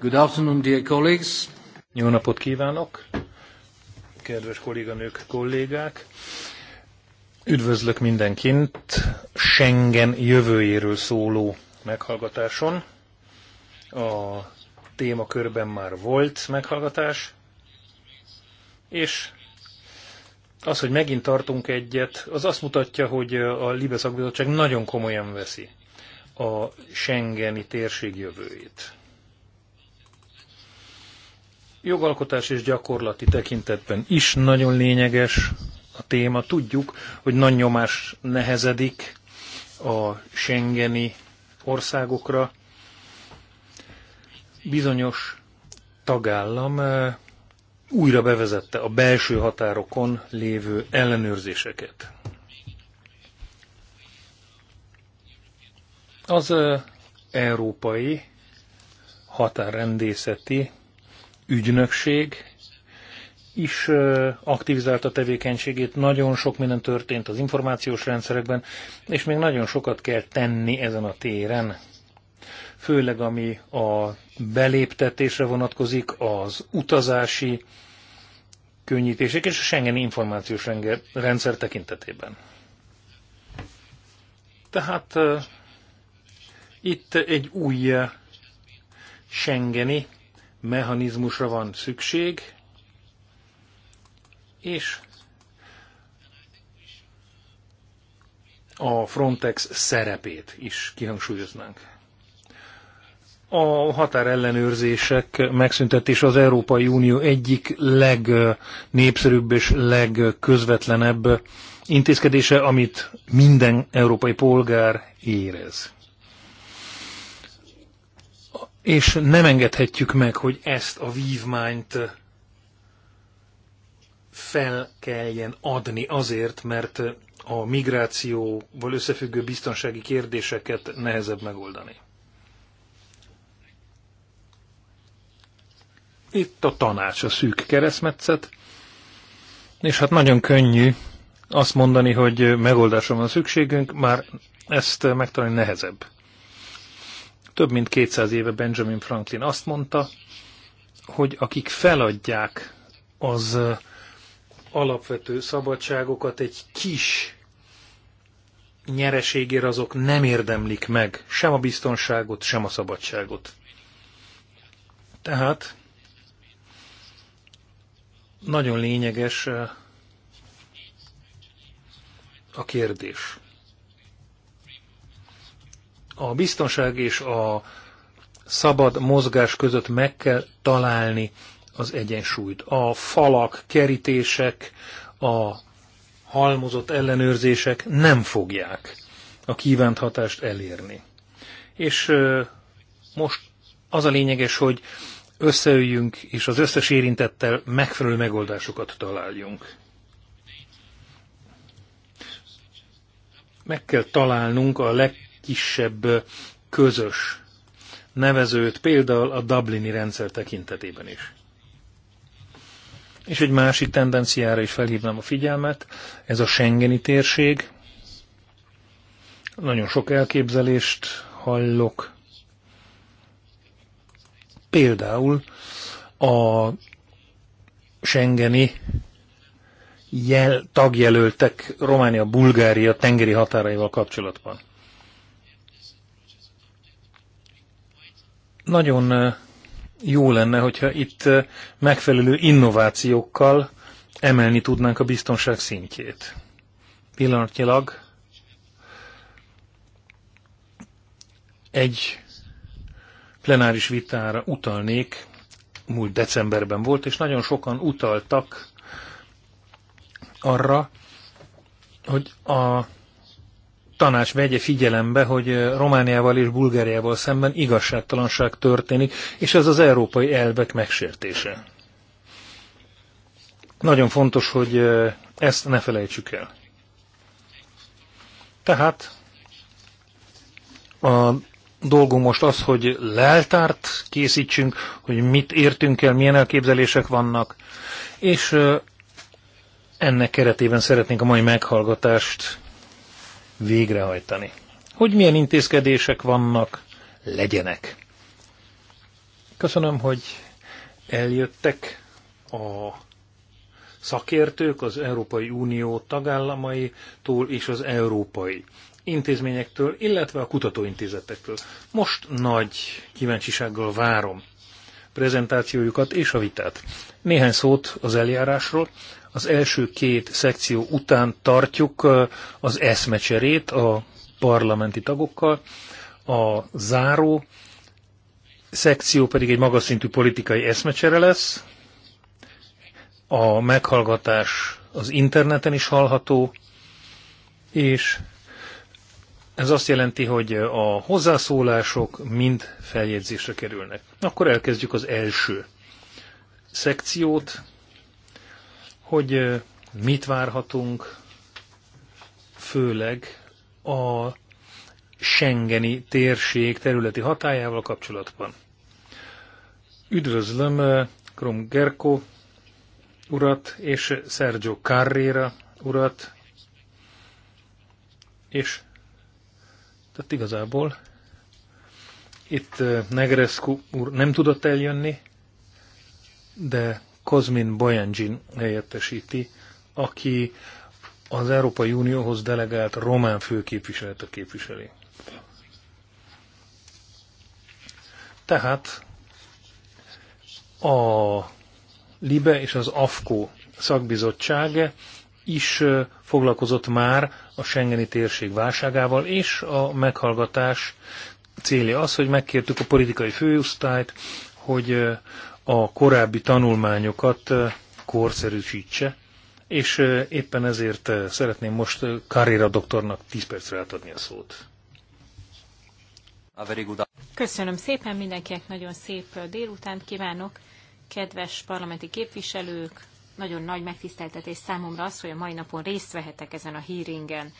Good afternoon, dear colleagues. Jó napot kívánok, kedves kolléganők, kollégák. Üdvözlök mindenkit Schengen jövőjéről szóló meghallgatáson. A témakörben már volt meghallgatás, és az, hogy megint tartunk egyet, az azt mutatja, hogy a Libe szakbizottság nagyon komolyan veszi a Schengeni térség jövőjét jogalkotás és gyakorlati tekintetben is nagyon lényeges a téma. Tudjuk, hogy nagy nyomás nehezedik a Schengeni országokra. Bizonyos tagállam eh, újra bevezette a belső határokon lévő ellenőrzéseket. Az eh, európai határrendészeti ügynökség is aktivizálta a tevékenységét, nagyon sok minden történt az információs rendszerekben, és még nagyon sokat kell tenni ezen a téren, főleg ami a beléptetésre vonatkozik, az utazási könnyítések és a Schengen információs rendszer tekintetében. Tehát uh, itt egy új Schengeni mechanizmusra van szükség, és a Frontex szerepét is kihangsúlyoznánk. A határellenőrzések megszüntetése az Európai Unió egyik legnépszerűbb és legközvetlenebb intézkedése, amit minden európai polgár érez. És nem engedhetjük meg, hogy ezt a vívmányt fel kelljen adni azért, mert a migrációval összefüggő biztonsági kérdéseket nehezebb megoldani. Itt a tanács, a szűk keresztmetszet, és hát nagyon könnyű azt mondani, hogy megoldásra van szükségünk, már ezt megtalálni nehezebb. Több mint 200 éve Benjamin Franklin azt mondta, hogy akik feladják az alapvető szabadságokat egy kis nyereségért azok nem érdemlik meg sem a biztonságot, sem a szabadságot. Tehát nagyon lényeges a kérdés a biztonság és a szabad mozgás között meg kell találni az egyensúlyt. A falak, kerítések, a halmozott ellenőrzések nem fogják a kívánt hatást elérni. És most az a lényeges, hogy összeüljünk, és az összes érintettel megfelelő megoldásokat találjunk. Meg kell találnunk a leg kisebb közös nevezőt, például a Dublini rendszer tekintetében is. És egy másik tendenciára is felhívnám a figyelmet, ez a Schengeni térség. Nagyon sok elképzelést hallok. Például a Schengeni jel, tagjelöltek Románia-Bulgária tengeri határaival kapcsolatban. Nagyon jó lenne, hogyha itt megfelelő innovációkkal emelni tudnánk a biztonság szintjét. Pillanatnyilag egy plenáris vitára utalnék, múlt decemberben volt, és nagyon sokan utaltak arra, hogy a tanács vegye figyelembe, hogy Romániával és Bulgáriával szemben igazságtalanság történik, és ez az európai elvek megsértése. Nagyon fontos, hogy ezt ne felejtsük el. Tehát a dolgunk most az, hogy leltárt készítsünk, hogy mit értünk el, milyen elképzelések vannak, és ennek keretében szeretnénk a mai meghallgatást végrehajtani. Hogy milyen intézkedések vannak, legyenek. Köszönöm, hogy eljöttek a szakértők az Európai Unió tagállamaitól és az európai intézményektől, illetve a kutatóintézetektől. Most nagy kíváncsisággal várom prezentációjukat és a vitát. Néhány szót az eljárásról az első két szekció után tartjuk az eszmecserét a parlamenti tagokkal, a záró szekció pedig egy magas szintű politikai eszmecsere lesz, a meghallgatás az interneten is hallható, és ez azt jelenti, hogy a hozzászólások mind feljegyzésre kerülnek. Akkor elkezdjük az első szekciót, hogy mit várhatunk, főleg a Schengeni térség területi hatájával kapcsolatban. Üdvözlöm Krom Gerko urat és Sergio Carrera urat, és tehát igazából itt Negrescu úr nem tudott eljönni, de Kozmin Bojangin helyettesíti, aki az Európai Unióhoz delegált román a képviseli. Tehát a LIBE és az AFKO szakbizottság is foglalkozott már a Schengeni térség válságával, és a meghallgatás célja az, hogy megkértük a politikai főosztályt, hogy a korábbi tanulmányokat korszerűsítse, és éppen ezért szeretném most Carrera doktornak 10 percre átadni a szót. Köszönöm szépen mindenkinek, nagyon szép délutánt kívánok. Kedves parlamenti képviselők, nagyon nagy megtiszteltetés számomra az, hogy a mai napon részt vehetek ezen a hearingen.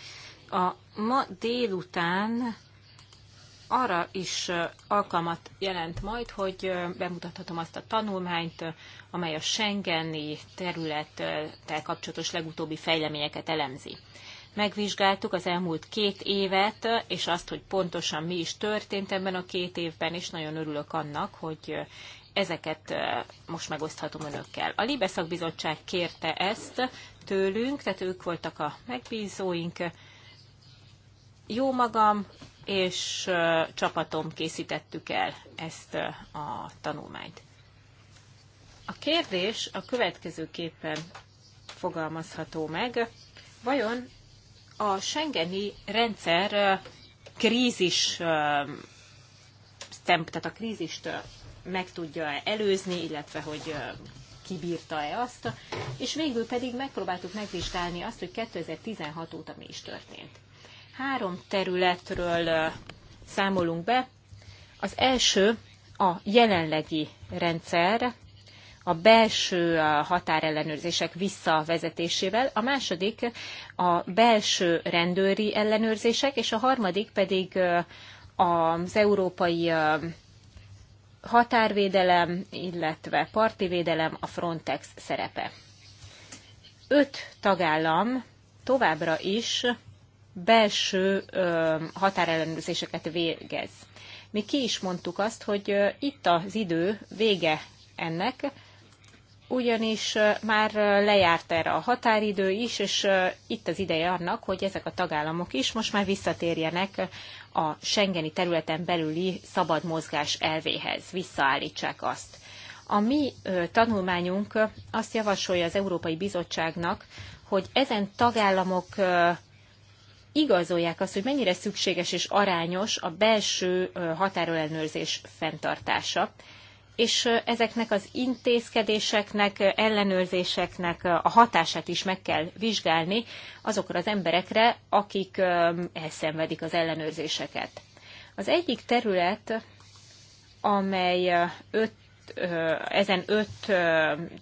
A ma délután arra is alkalmat jelent majd, hogy bemutathatom azt a tanulmányt, amely a Schengeni területtel kapcsolatos legutóbbi fejleményeket elemzi. Megvizsgáltuk az elmúlt két évet, és azt, hogy pontosan mi is történt ebben a két évben, és nagyon örülök annak, hogy ezeket most megoszthatom önökkel. A libeszak bizottság kérte ezt tőlünk, tehát ők voltak a megbízóink. Jó magam, és csapatom készítettük el ezt a tanulmányt. A kérdés a következőképpen fogalmazható meg. Vajon a Schengeni rendszer krízis, tehát a krízist meg tudja -e előzni, illetve hogy kibírta-e azt, és végül pedig megpróbáltuk megvizsgálni azt, hogy 2016 óta mi is történt. Három területről számolunk be. Az első a jelenlegi rendszer, a belső határellenőrzések visszavezetésével, a második a belső rendőri ellenőrzések, és a harmadik pedig az európai határvédelem, illetve parti védelem, a Frontex szerepe. Öt tagállam továbbra is belső határellenőrzéseket végez. Mi ki is mondtuk azt, hogy itt az idő vége ennek, ugyanis már lejárt erre a határidő is, és itt az ideje annak, hogy ezek a tagállamok is most már visszatérjenek a Schengeni területen belüli szabad mozgás elvéhez, visszaállítsák azt. A mi tanulmányunk azt javasolja az Európai Bizottságnak, hogy ezen tagállamok igazolják azt, hogy mennyire szükséges és arányos a belső határellenőrzés fenntartása. És ezeknek az intézkedéseknek, ellenőrzéseknek a hatását is meg kell vizsgálni azokra az emberekre, akik elszenvedik az ellenőrzéseket. Az egyik terület, amely öt, ezen öt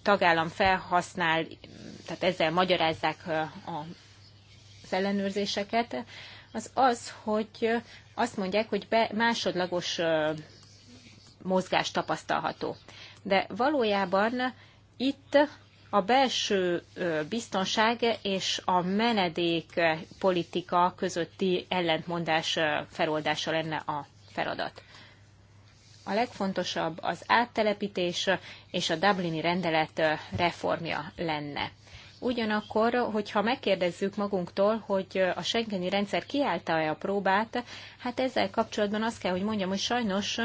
tagállam felhasznál, tehát ezzel magyarázzák a az ellenőrzéseket, az az, hogy azt mondják, hogy be másodlagos mozgás tapasztalható. De valójában itt a belső biztonság és a menedék politika közötti ellentmondás feloldása lenne a feladat. A legfontosabb az áttelepítés és a Dublini rendelet reformja lenne. Ugyanakkor, hogyha megkérdezzük magunktól, hogy a Schengeni rendszer kiállta-e a próbát, hát ezzel kapcsolatban azt kell, hogy mondjam, hogy sajnos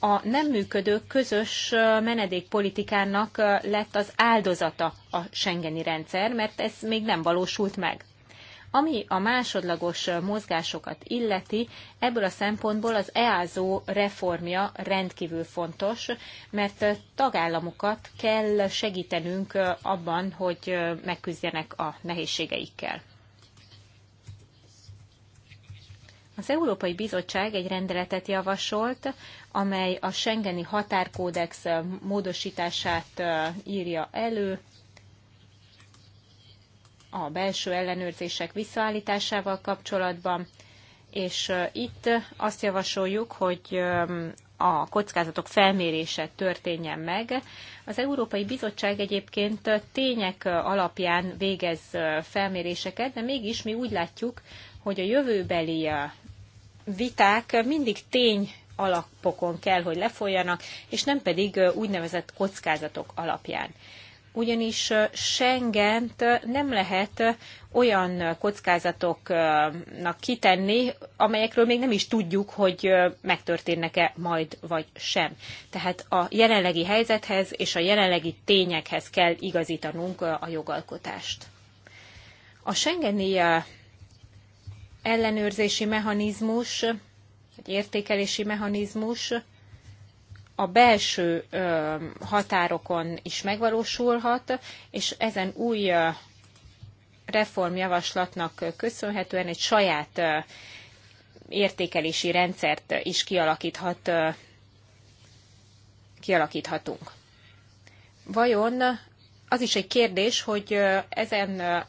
a nem működő közös menedékpolitikának lett az áldozata a Schengeni rendszer, mert ez még nem valósult meg. Ami a másodlagos mozgásokat illeti, ebből a szempontból az EASO reformja rendkívül fontos, mert tagállamokat kell segítenünk abban, hogy megküzdjenek a nehézségeikkel. Az Európai Bizottság egy rendeletet javasolt, amely a Schengeni Határkódex módosítását írja elő, a belső ellenőrzések visszaállításával kapcsolatban, és itt azt javasoljuk, hogy a kockázatok felmérése történjen meg. Az Európai Bizottság egyébként tények alapján végez felméréseket, de mégis mi úgy látjuk, hogy a jövőbeli viták mindig tény alapokon kell, hogy lefolyjanak, és nem pedig úgynevezett kockázatok alapján ugyanis Schengent nem lehet olyan kockázatoknak kitenni, amelyekről még nem is tudjuk, hogy megtörténnek-e majd vagy sem. Tehát a jelenlegi helyzethez és a jelenlegi tényekhez kell igazítanunk a jogalkotást. A Schengeni ellenőrzési mechanizmus, egy értékelési mechanizmus a belső határokon is megvalósulhat, és ezen új reformjavaslatnak köszönhetően egy saját értékelési rendszert is kialakíthat, kialakíthatunk. Vajon az is egy kérdés, hogy ezen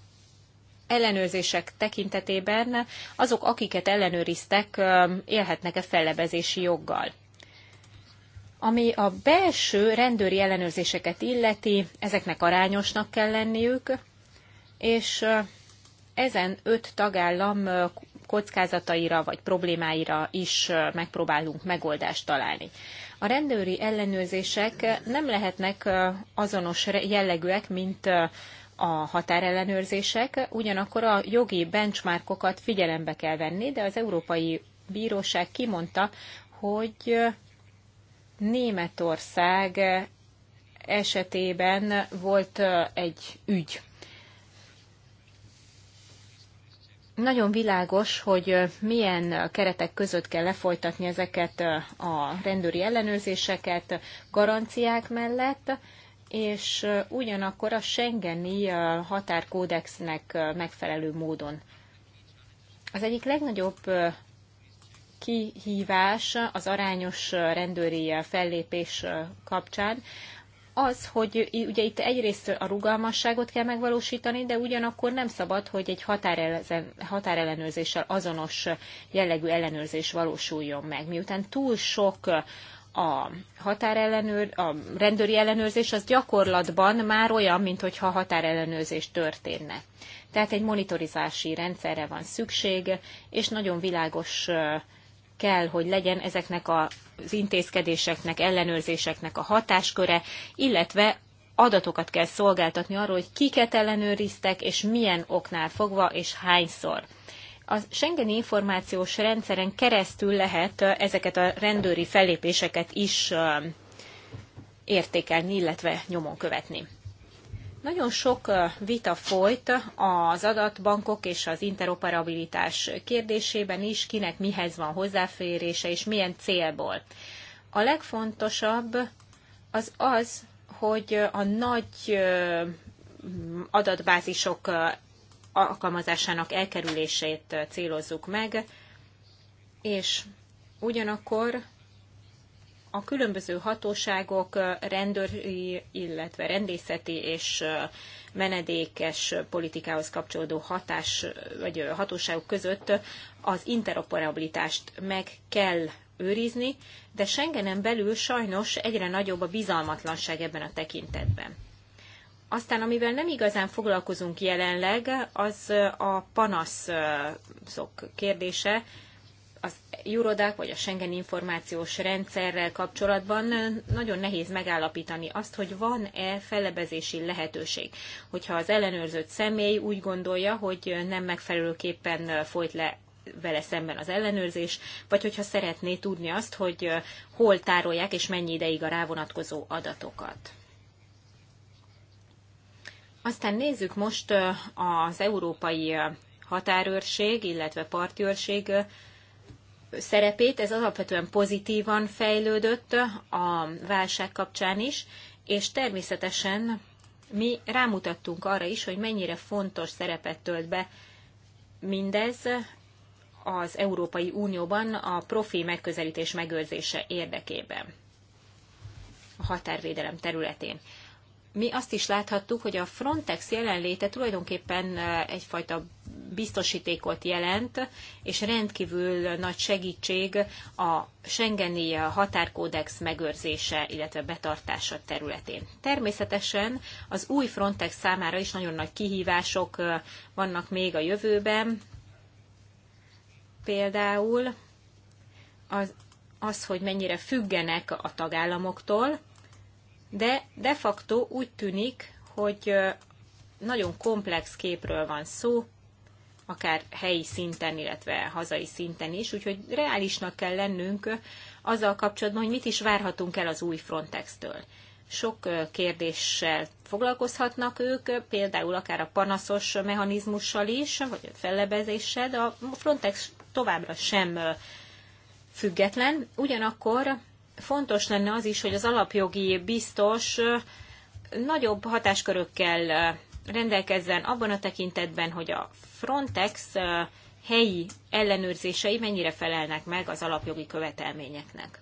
ellenőrzések tekintetében azok, akiket ellenőriztek, élhetnek-e fellebezési joggal? Ami a belső rendőri ellenőrzéseket illeti, ezeknek arányosnak kell lenniük, és ezen öt tagállam kockázataira vagy problémáira is megpróbálunk megoldást találni. A rendőri ellenőrzések nem lehetnek azonos jellegűek, mint a határellenőrzések, ugyanakkor a jogi benchmarkokat figyelembe kell venni, de az Európai Bíróság kimondta, hogy Németország esetében volt egy ügy. Nagyon világos, hogy milyen keretek között kell lefolytatni ezeket a rendőri ellenőrzéseket garanciák mellett, és ugyanakkor a Schengeni határkódexnek megfelelő módon. Az egyik legnagyobb kihívás az arányos rendőri fellépés kapcsán az, hogy ugye itt egyrészt a rugalmasságot kell megvalósítani, de ugyanakkor nem szabad, hogy egy határellenőrzéssel azonos jellegű ellenőrzés valósuljon meg. Miután túl sok a határellenőr, a rendőri ellenőrzés az gyakorlatban már olyan, mint hogyha határellenőrzés történne. Tehát egy monitorizási rendszerre van szükség, és nagyon világos kell, hogy legyen ezeknek az intézkedéseknek, ellenőrzéseknek a hatásköre, illetve adatokat kell szolgáltatni arról, hogy kiket ellenőriztek, és milyen oknál fogva, és hányszor. A Schengeni információs rendszeren keresztül lehet ezeket a rendőri fellépéseket is értékelni, illetve nyomon követni. Nagyon sok vita folyt az adatbankok és az interoperabilitás kérdésében is, kinek mihez van hozzáférése és milyen célból. A legfontosabb az az, hogy a nagy adatbázisok alkalmazásának elkerülését célozzuk meg, és ugyanakkor a különböző hatóságok rendőri, illetve rendészeti és menedékes politikához kapcsolódó hatás, vagy hatóságok között az interoperabilitást meg kell őrizni, de Schengenen belül sajnos egyre nagyobb a bizalmatlanság ebben a tekintetben. Aztán, amivel nem igazán foglalkozunk jelenleg, az a panaszok kérdése, az Eurodac vagy a Schengen információs rendszerrel kapcsolatban nagyon nehéz megállapítani azt, hogy van-e fellebezési lehetőség. Hogyha az ellenőrzött személy úgy gondolja, hogy nem megfelelőképpen folyt le vele szemben az ellenőrzés, vagy hogyha szeretné tudni azt, hogy hol tárolják és mennyi ideig a rávonatkozó adatokat. Aztán nézzük most az európai határőrség, illetve partőrség szerepét, ez alapvetően pozitívan fejlődött a válság kapcsán is, és természetesen mi rámutattunk arra is, hogy mennyire fontos szerepet tölt be mindez az Európai Unióban a profi megközelítés megőrzése érdekében a határvédelem területén mi azt is láthattuk, hogy a Frontex jelenléte tulajdonképpen egyfajta biztosítékot jelent, és rendkívül nagy segítség a Schengeni határkódex megőrzése, illetve betartása területén. Természetesen az új Frontex számára is nagyon nagy kihívások vannak még a jövőben. Például az, az hogy mennyire függenek a tagállamoktól, de de facto úgy tűnik, hogy nagyon komplex képről van szó, akár helyi szinten, illetve hazai szinten is, úgyhogy reálisnak kell lennünk azzal kapcsolatban, hogy mit is várhatunk el az új Frontex-től. Sok kérdéssel foglalkozhatnak ők, például akár a panaszos mechanizmussal is, vagy a fellebezéssel, de a Frontex továbbra sem független. Ugyanakkor fontos lenne az is, hogy az alapjogi biztos nagyobb hatáskörökkel rendelkezzen abban a tekintetben, hogy a Frontex helyi ellenőrzései mennyire felelnek meg az alapjogi követelményeknek.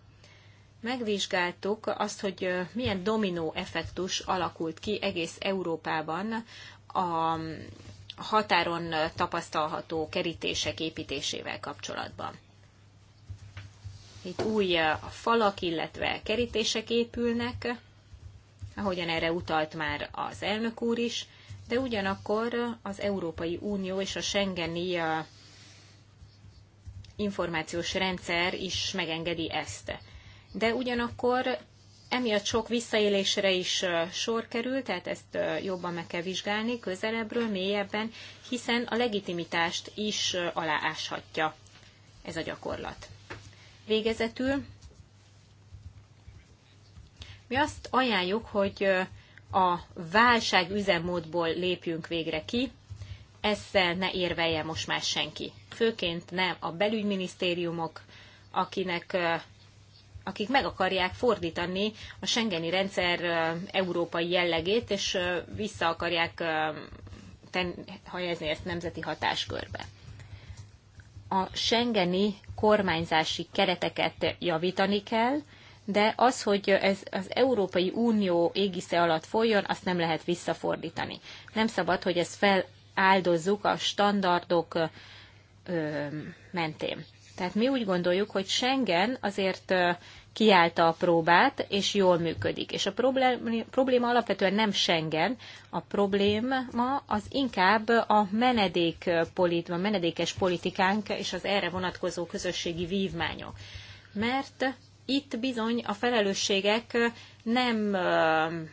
Megvizsgáltuk azt, hogy milyen dominó effektus alakult ki egész Európában a határon tapasztalható kerítések építésével kapcsolatban. Itt új a falak, illetve kerítések épülnek, ahogyan erre utalt már az elnök úr is, de ugyanakkor az Európai Unió és a Schengeni információs rendszer is megengedi ezt. De ugyanakkor emiatt sok visszaélésre is sor kerül, tehát ezt jobban meg kell vizsgálni közelebbről, mélyebben, hiszen a legitimitást is alááshatja ez a gyakorlat. Végezetül mi azt ajánljuk, hogy a válság üzemmódból lépjünk végre ki, ezzel ne érvelje most már senki. Főként nem a belügyminisztériumok, akinek, akik meg akarják fordítani a Schengeni rendszer európai jellegét, és vissza akarják ten, ezt nemzeti hatáskörbe a Schengeni kormányzási kereteket javítani kell, de az, hogy ez az Európai Unió égisze alatt folyjon, azt nem lehet visszafordítani. Nem szabad, hogy ezt feláldozzuk a standardok mentén. Tehát mi úgy gondoljuk, hogy Schengen azért kiállta a próbát, és jól működik. És a probléma alapvetően nem Schengen, a probléma az inkább a menedék politi- a menedékes politikánk és az erre vonatkozó közösségi vívmányok. Mert itt bizony a felelősségek nem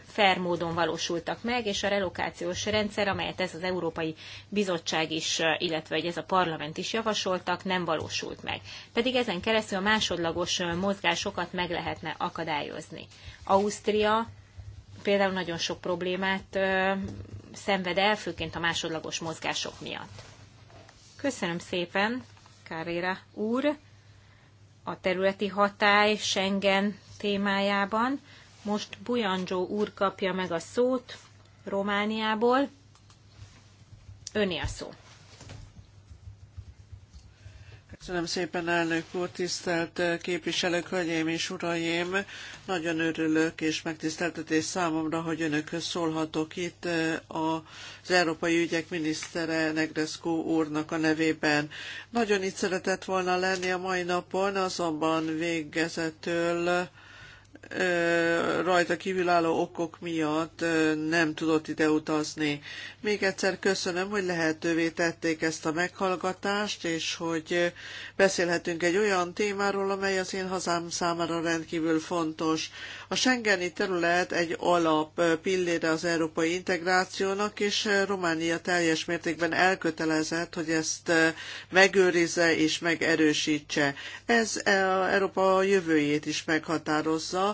fair módon valósultak meg, és a relokációs rendszer, amelyet ez az Európai Bizottság is, illetve ez a parlament is javasoltak, nem valósult meg. Pedig ezen keresztül a másodlagos mozgásokat meg lehetne akadályozni. Ausztria például nagyon sok problémát szenved el, főként a másodlagos mozgások miatt. Köszönöm szépen, Kárvéra úr! a területi hatály Schengen témájában. Most Bujancsó úr kapja meg a szót Romániából. Öné a szó. Köszönöm szépen, elnök úr, tisztelt eh, képviselők, hölgyeim és uraim! Nagyon örülök és megtiszteltetés számomra, hogy önökhöz szólhatok itt eh, az Európai Ügyek minisztere Negreszkó úrnak a nevében. Nagyon itt szeretett volna lenni a mai napon, azonban végezetől rajta kívülálló okok miatt nem tudott ide utazni. Még egyszer köszönöm, hogy lehetővé tették ezt a meghallgatást, és hogy beszélhetünk egy olyan témáról, amely az én hazám számára rendkívül fontos. A Schengeni terület egy alap pillére az európai integrációnak, és Románia teljes mértékben elkötelezett, hogy ezt megőrizze és megerősítse. Ez e, Európa jövőjét is meghatározza,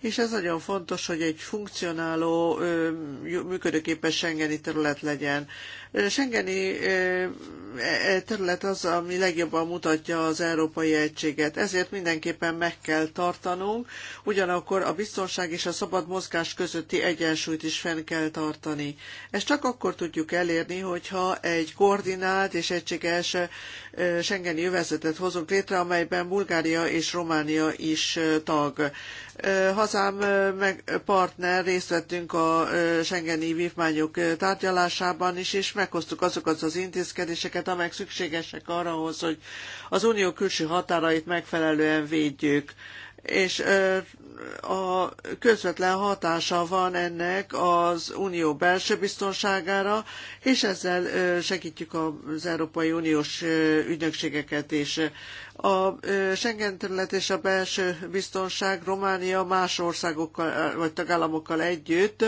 és ez nagyon fontos, hogy egy funkcionáló, működőképes Schengeni terület legyen. Schengeni e, e terület az, ami legjobban mutatja az európai egységet, ezért mindenképpen meg kell tartanunk, ugyanakkor a biztonság és a szabad mozgás közötti egyensúlyt is fenn kell tartani. Ezt csak akkor tudjuk elérni, hogyha egy koordinált és egységes Schengeni övezetet hozunk létre, amelyben Bulgária és Románia is tag. Ha hazám meg partner részt vettünk a Schengeni vívmányok tárgyalásában is, és meghoztuk azokat az intézkedéseket, amelyek szükségesek arra, hogy az unió külső határait megfelelően védjük és a közvetlen hatása van ennek az unió belső biztonságára, és ezzel segítjük az Európai Uniós ügynökségeket is. A Schengen terület és a belső biztonság Románia más országokkal vagy tagállamokkal együtt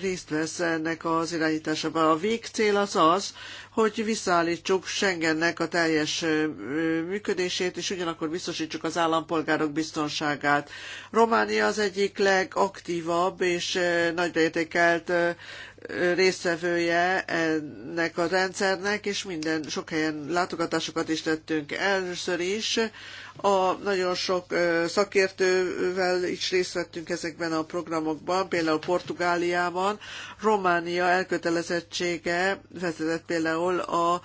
részt vesz ennek az irányításában. A végcél az az, hogy visszaállítsuk Schengennek a teljes működését, és ugyanakkor biztosítsuk az állampolgárok biztonságát. Románia az egyik legaktívabb és nagyra értékelt résztvevője ennek a rendszernek, és minden sok helyen látogatásokat is tettünk először is. A nagyon sok szakértővel is részt vettünk ezekben a programokban, például Portugáliában. Románia elkötelezettsége vezetett például a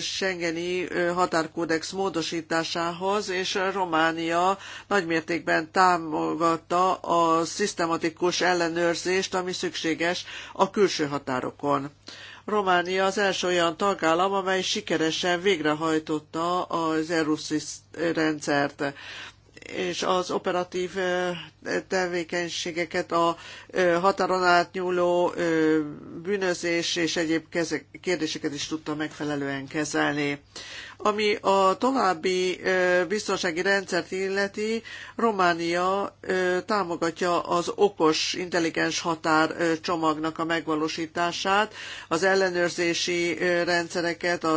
Schengeni határkódex módosításához, és Románia nagymértékben támogatta a szisztematikus ellenőrzést, ami szükséges a külső határokon. Románia az első olyan tagállam, amely sikeresen végrehajtotta az ERUSZIS rendszert és az operatív tevékenységeket a határon átnyúló bűnözés és egyéb kérdéseket is tudta megfelelően kezelni. Ami a további biztonsági rendszert illeti, Románia támogatja az okos, intelligens határ csomagnak a megvalósítását, az ellenőrzési rendszereket, a,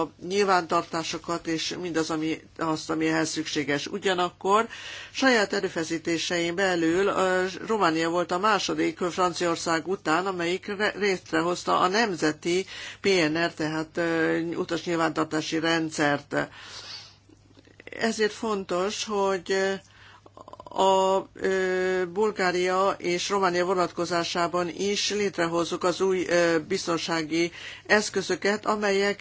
a nyilvántartásokat és mindaz, ami, azt, ami ehhez szükséges. Ugyanakkor saját erőfeszítéseim belül Románia volt a második Franciaország után, amelyik létrehozta a nemzeti PNR, tehát utas nyilván nyilvántartási rendszert. Ezért fontos, hogy a Bulgária és Románia vonatkozásában is létrehozzuk az új biztonsági eszközöket, amelyek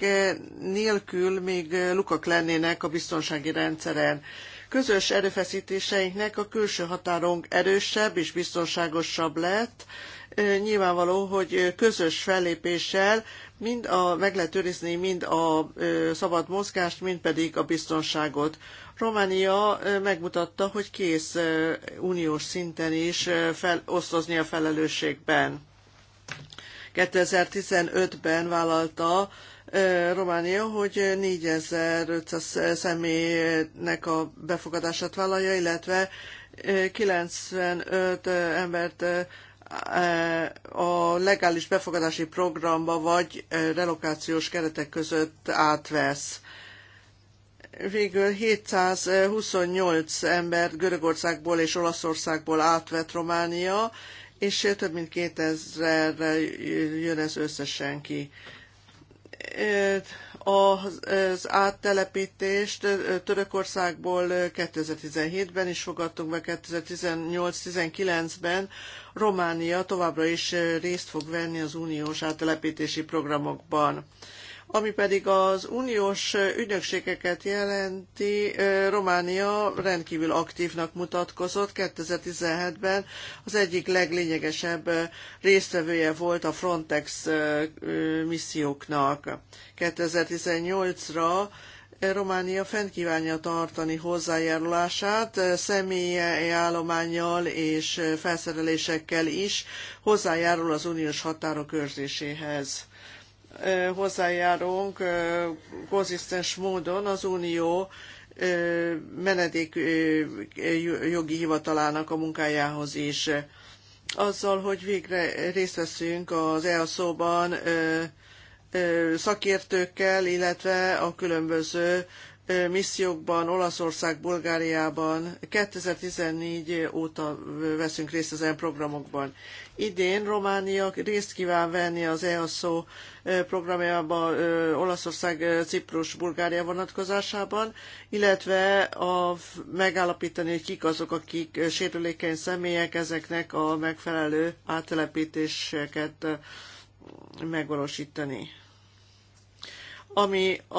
nélkül még lukak lennének a biztonsági rendszeren. Közös erőfeszítéseinknek a külső határunk erősebb és biztonságosabb lett, nyilvánvaló, hogy közös fellépéssel mind a, meg lehet őrizni mind a szabad mozgást, mind pedig a biztonságot. Románia megmutatta, hogy kész uniós szinten is fel, osztozni a felelősségben. 2015-ben vállalta Románia, hogy 4500 személynek a befogadását vállalja, illetve 95 embert a legális befogadási programba vagy relokációs keretek között átvesz. Végül 728 embert Görögországból és Olaszországból átvett Románia, és több mint 2000-re jön ez összesen ki az áttelepítést Törökországból 2017-ben is fogadtunk be, 2018-19-ben Románia továbbra is részt fog venni az uniós áttelepítési programokban. Ami pedig az uniós ügynökségeket jelenti, Románia rendkívül aktívnak mutatkozott. 2017-ben az egyik leglényegesebb résztvevője volt a Frontex misszióknak. 2018-ra Románia fent kívánja tartani hozzájárulását személyi állományjal és felszerelésekkel is hozzájárul az uniós határok őrzéséhez hozzájárunk konzisztens módon az Unió menedék jogi hivatalának a munkájához is. Azzal, hogy végre részt veszünk az EASZO-ban szakértőkkel, illetve a különböző missziókban, Olaszország, Bulgáriában 2014 óta veszünk részt az EN programokban. Idén Románia részt kíván venni az EASZO programjában Olaszország, Ciprus, Bulgária vonatkozásában, illetve a, megállapítani, hogy kik azok, akik sérülékeny személyek, ezeknek a megfelelő áttelepítéseket megvalósítani ami a,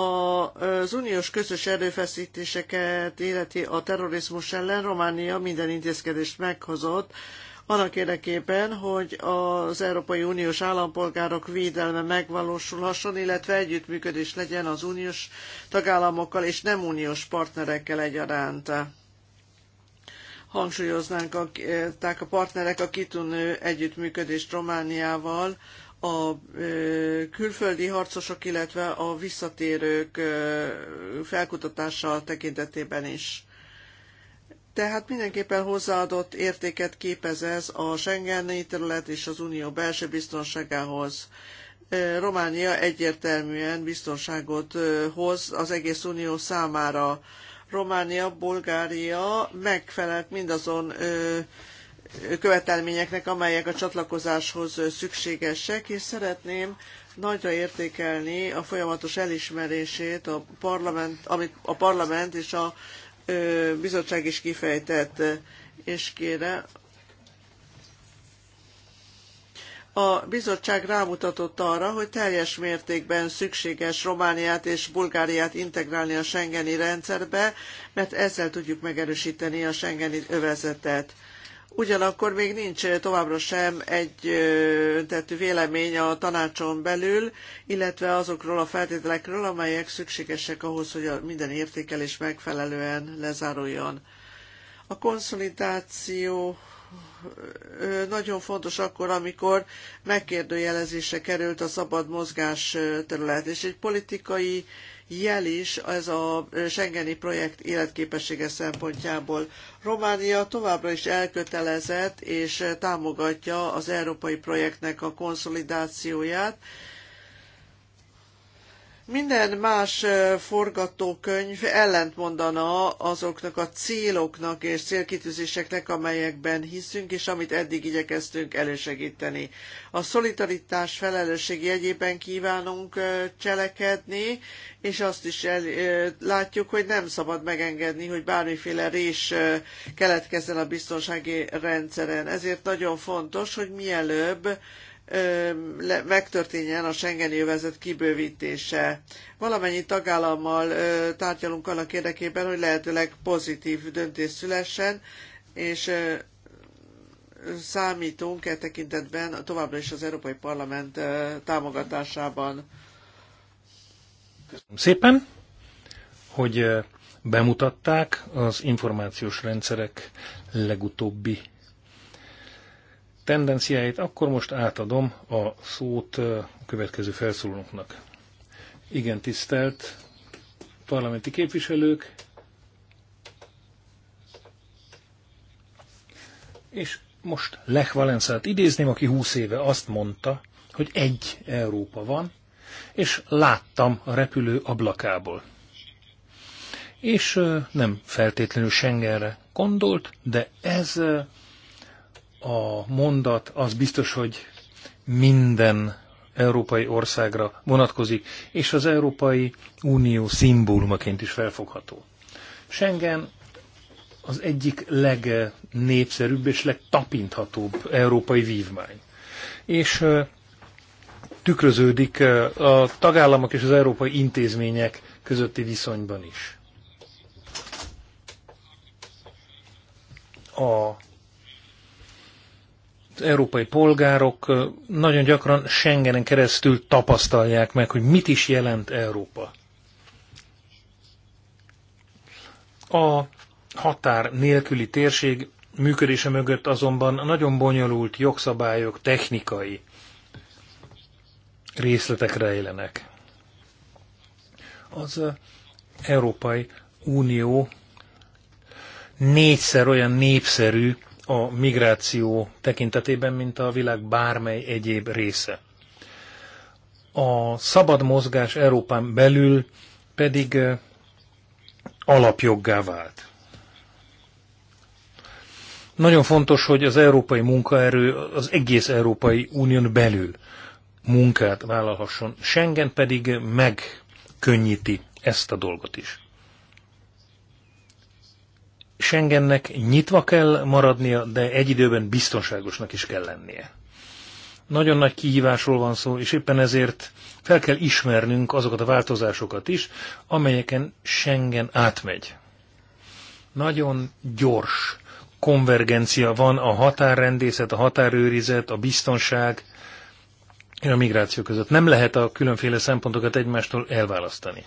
az uniós közös erőfeszítéseket életi a terrorizmus ellen Románia minden intézkedést meghozott, annak érdekében, hogy az Európai Uniós állampolgárok védelme megvalósulhasson, illetve együttműködés legyen az uniós tagállamokkal és nem uniós partnerekkel egyaránt. Hangsúlyoznánk a, eh, a partnerek a kitűnő együttműködést Romániával, a külföldi harcosok, illetve a visszatérők felkutatása tekintetében is. Tehát mindenképpen hozzáadott értéket képez ez a Schengeni terület és az Unió belső biztonságához. Románia egyértelműen biztonságot hoz az egész Unió számára. Románia, Bulgária megfelelt mindazon követelményeknek, amelyek a csatlakozáshoz szükségesek, és szeretném nagyra értékelni a folyamatos elismerését, a parlament, amit a parlament és a bizottság is kifejtett, és kére a bizottság rámutatott arra, hogy teljes mértékben szükséges Romániát és Bulgáriát integrálni a Schengeni rendszerbe, mert ezzel tudjuk megerősíteni a Schengeni övezetet. Ugyanakkor még nincs továbbra sem egy öntetű vélemény a tanácson belül, illetve azokról a feltételekről, amelyek szükségesek ahhoz, hogy a minden értékelés megfelelően lezáruljon. A konszolidáció nagyon fontos akkor, amikor megkérdőjelezése került a szabad mozgás terület, és egy politikai jel is ez a Schengeni projekt életképessége szempontjából. Románia továbbra is elkötelezett és támogatja az európai projektnek a konszolidációját, minden más forgatókönyv ellentmondana azoknak a céloknak és célkitűzéseknek, amelyekben hiszünk, és amit eddig igyekeztünk elősegíteni. A szolidaritás felelősség jegyében kívánunk cselekedni, és azt is el, látjuk, hogy nem szabad megengedni, hogy bármiféle rés keletkezzen a biztonsági rendszeren. Ezért nagyon fontos, hogy mielőbb megtörténjen a Schengeni övezet kibővítése. Valamennyi tagállammal tárgyalunk annak érdekében, hogy lehetőleg pozitív döntés szülessen, és számítunk e tekintetben továbbra is az Európai Parlament támogatásában. Köszönöm szépen, hogy bemutatták az információs rendszerek legutóbbi tendenciáit, akkor most átadom a szót a következő felszólónknak. Igen, tisztelt parlamenti képviselők, és most Lech Valenszát idézném, aki húsz éve azt mondta, hogy egy Európa van, és láttam a repülő ablakából. És nem feltétlenül Schengenre gondolt, de ez a mondat az biztos, hogy minden európai országra vonatkozik, és az Európai Unió szimbólumaként is felfogható. Schengen az egyik legnépszerűbb és legtapinthatóbb európai vívmány. És tükröződik a tagállamok és az európai intézmények közötti viszonyban is. A európai polgárok nagyon gyakran Schengenen keresztül tapasztalják meg, hogy mit is jelent Európa. A határ nélküli térség működése mögött azonban nagyon bonyolult jogszabályok, technikai részletek rejlenek. Az Európai Unió négyszer olyan népszerű, a migráció tekintetében, mint a világ bármely egyéb része. A szabad mozgás Európán belül pedig alapjoggá vált. Nagyon fontos, hogy az európai munkaerő az egész Európai Unión belül munkát vállalhasson. Schengen pedig megkönnyíti ezt a dolgot is. Schengennek nyitva kell maradnia, de egy időben biztonságosnak is kell lennie. Nagyon nagy kihívásról van szó, és éppen ezért fel kell ismernünk azokat a változásokat is, amelyeken Schengen átmegy. Nagyon gyors konvergencia van a határrendészet, a határőrizet, a biztonság és a migráció között. Nem lehet a különféle szempontokat egymástól elválasztani.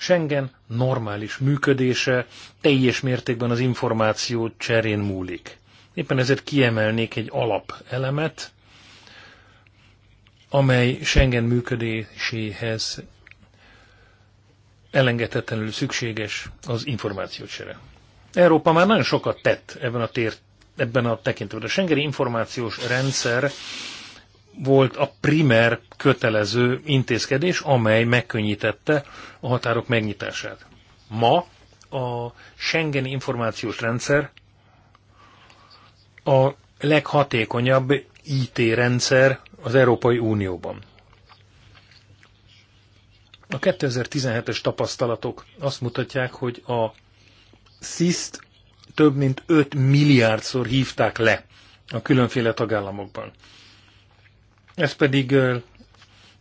Schengen normális működése teljes mértékben az információ cserén múlik. Éppen ezért kiemelnék egy alapelemet, amely Schengen működéséhez elengedhetetlenül szükséges az információcsere. Európa már nagyon sokat tett ebben a, tér, ebben a tekintetben. A Schengeni információs rendszer volt a primer kötelező intézkedés, amely megkönnyítette a határok megnyitását. Ma a Schengen információs rendszer a leghatékonyabb IT rendszer az Európai Unióban. A 2017-es tapasztalatok azt mutatják, hogy a SIS-t több mint 5 milliárdszor hívták le a különféle tagállamokban. Ez pedig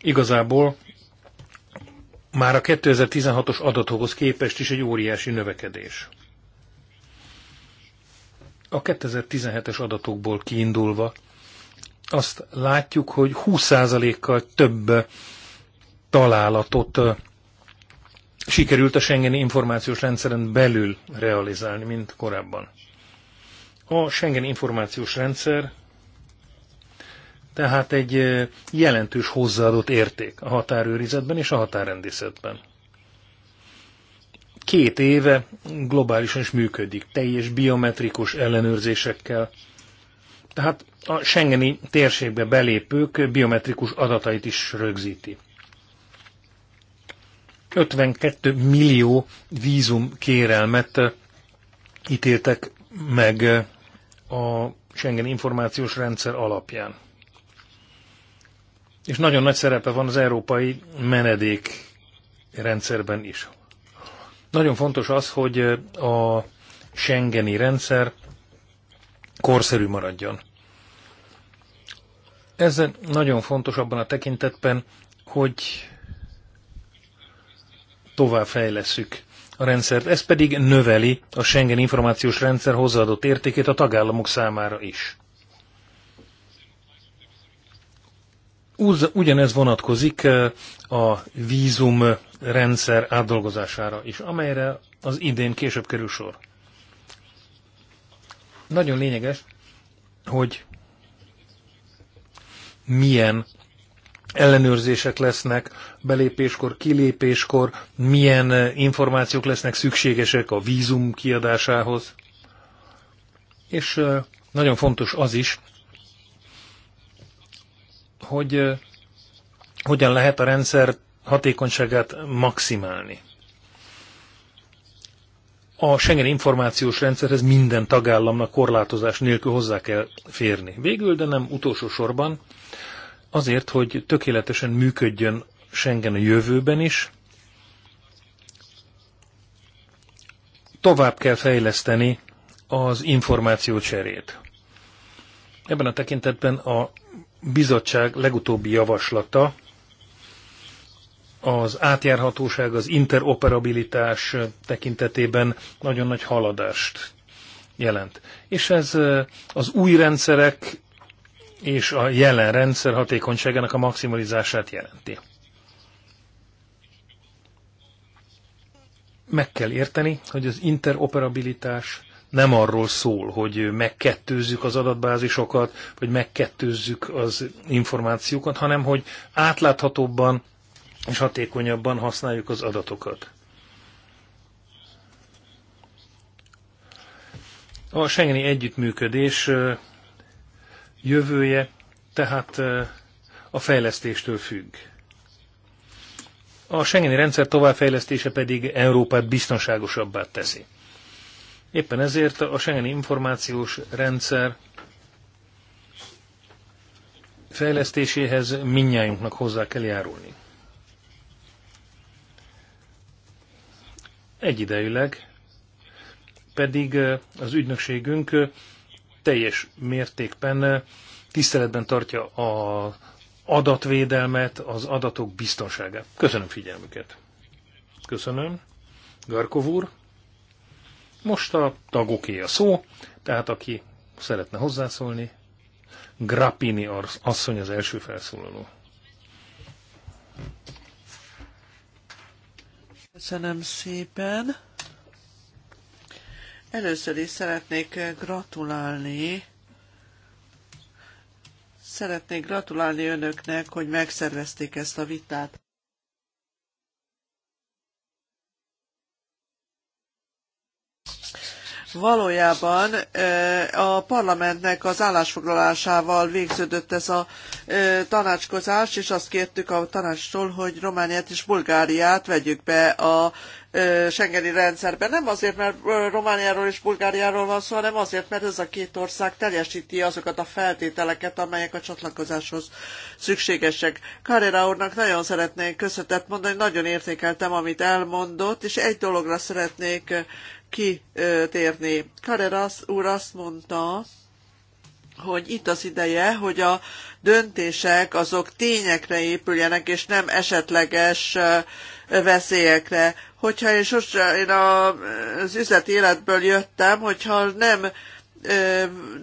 igazából már a 2016-os adatokhoz képest is egy óriási növekedés. A 2017-es adatokból kiindulva azt látjuk, hogy 20%-kal több találatot sikerült a Schengeni információs rendszeren belül realizálni, mint korábban. A Schengeni információs rendszer tehát egy jelentős hozzáadott érték a határőrizetben és a határrendészetben. Két éve globálisan is működik, teljes biometrikus ellenőrzésekkel. Tehát a Schengeni térségbe belépők biometrikus adatait is rögzíti. 52 millió vízum kérelmet ítéltek meg a Schengen információs rendszer alapján. És nagyon nagy szerepe van az európai menedék rendszerben is. Nagyon fontos az, hogy a Schengeni rendszer korszerű maradjon. Ez nagyon fontos abban a tekintetben, hogy tovább fejleszük a rendszert. Ez pedig növeli a Schengen információs rendszer hozzáadott értékét a tagállamok számára is. ugyanez vonatkozik eh, a vízum rendszer átdolgozására is, amelyre az idén később kerül sor. Nagyon lényeges, hogy milyen ellenőrzések lesznek belépéskor, kilépéskor, milyen eh, információk lesznek szükségesek a vízum kiadásához. És eh, nagyon fontos az is, hogy hogyan lehet a rendszer hatékonyságát maximálni. A Schengen információs rendszerhez minden tagállamnak korlátozás nélkül hozzá kell férni. Végül, de nem utolsó sorban, azért, hogy tökéletesen működjön Schengen a jövőben is, tovább kell fejleszteni az cserét. Ebben a tekintetben a bizottság legutóbbi javaslata az átjárhatóság, az interoperabilitás tekintetében nagyon nagy haladást jelent. És ez az új rendszerek és a jelen rendszer hatékonyságának a maximalizását jelenti. Meg kell érteni, hogy az interoperabilitás nem arról szól, hogy megkettőzzük az adatbázisokat, vagy megkettőzzük az információkat, hanem hogy átláthatóbban és hatékonyabban használjuk az adatokat. A Schengeni együttműködés jövője tehát a fejlesztéstől függ. A Schengeni rendszer továbbfejlesztése pedig Európát biztonságosabbá teszi. Éppen ezért a Schengen információs rendszer fejlesztéséhez minnyájunknak hozzá kell járulni. Egyidejűleg pedig az ügynökségünk teljes mértékben tiszteletben tartja az adatvédelmet, az adatok biztonságát. Köszönöm figyelmüket. Köszönöm. Garkov úr. Most a tagoké a szó, tehát aki szeretne hozzászólni, Grappini asszony az első felszólaló. Köszönöm szépen. Először is szeretnék gratulálni Szeretnék gratulálni önöknek, hogy megszervezték ezt a vitát. Valójában a parlamentnek az állásfoglalásával végződött ez a tanácskozás, és azt kértük a tanácstól, hogy Romániát és Bulgáriát vegyük be a Schengeni rendszerbe. Nem azért, mert Romániáról és Bulgáriáról van szó, hanem azért, mert ez a két ország teljesíti azokat a feltételeket, amelyek a csatlakozáshoz szükségesek. Carrera úrnak nagyon szeretnék köszönetet mondani, nagyon értékeltem, amit elmondott, és egy dologra szeretnék kitérni. Carreras úr azt mondta, hogy itt az ideje, hogy a döntések azok tényekre épüljenek, és nem esetleges veszélyekre. Hogyha én sosem, én az üzleti életből jöttem, hogyha nem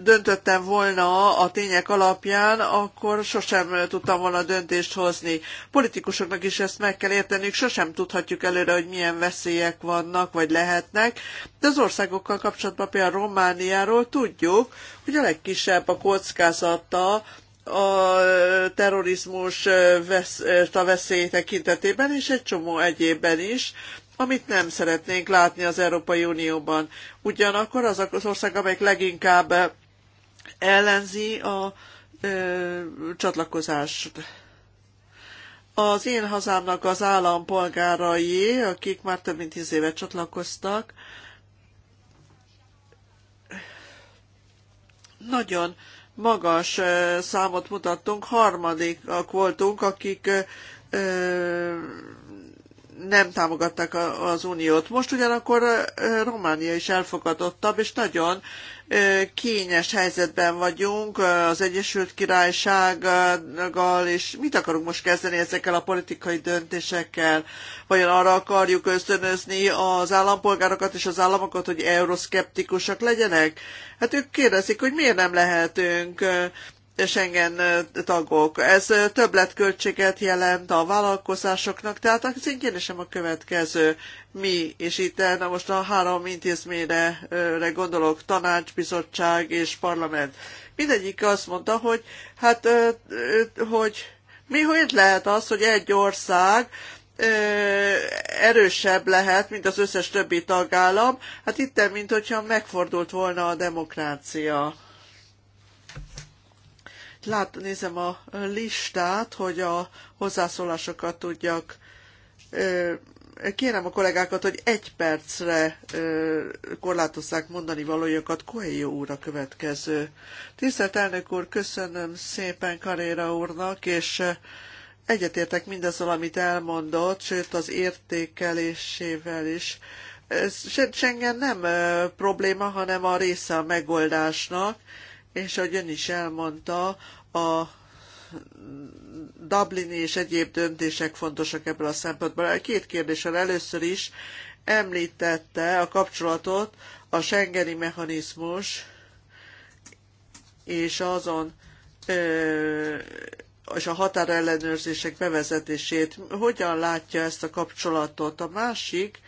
döntöttem volna a tények alapján, akkor sosem tudtam volna döntést hozni. Politikusoknak is ezt meg kell értenünk, sosem tudhatjuk előre, hogy milyen veszélyek vannak, vagy lehetnek, de az országokkal kapcsolatban például Romániáról tudjuk, hogy a legkisebb a kockázata a terrorizmus vesz, a veszély tekintetében, és egy csomó egyébben is amit nem szeretnénk látni az Európai Unióban. Ugyanakkor az az ország, amelyik leginkább ellenzi a ö, csatlakozást. Az én hazámnak az állampolgárai, akik már több mint tíz éve csatlakoztak, nagyon magas számot mutattunk, harmadikak voltunk, akik ö, nem támogatták az uniót. Most ugyanakkor Románia is elfogadottabb, és nagyon kényes helyzetben vagyunk az Egyesült Királysággal, és mit akarunk most kezdeni ezekkel a politikai döntésekkel? Vajon arra akarjuk ösztönözni az állampolgárokat és az államokat, hogy euroszkeptikusak legyenek? Hát ők kérdezik, hogy miért nem lehetünk Schengen tagok. Ez többletköltséget jelent a vállalkozásoknak, tehát az ingyenesem a következő. Mi, és itt eh, na most a három intézményre gondolok, tanács, bizottság és parlament. Mindegyik azt mondta, hogy hát, hogy mi, hogy lehet az, hogy egy ország erősebb lehet, mint az összes többi tagállam. Hát itt, mint hogyha megfordult volna a demokrácia lát, nézem a listát, hogy a hozzászólásokat tudjak. Kérem a kollégákat, hogy egy percre korlátozzák mondani valójukat. Koelyó úr a következő. Tisztelt elnök úr, köszönöm szépen Karéra úrnak, és egyetértek mindazzal, amit elmondott, sőt az értékelésével is. Ez Schengen nem probléma, hanem a része a megoldásnak, és ahogy ön is elmondta, a Dublini és egyéb döntések fontosak ebből a szempontból. Két kérdéssel először is említette a kapcsolatot a Schengeni mechanizmus és azon és a határellenőrzések bevezetését. Hogyan látja ezt a kapcsolatot? A másik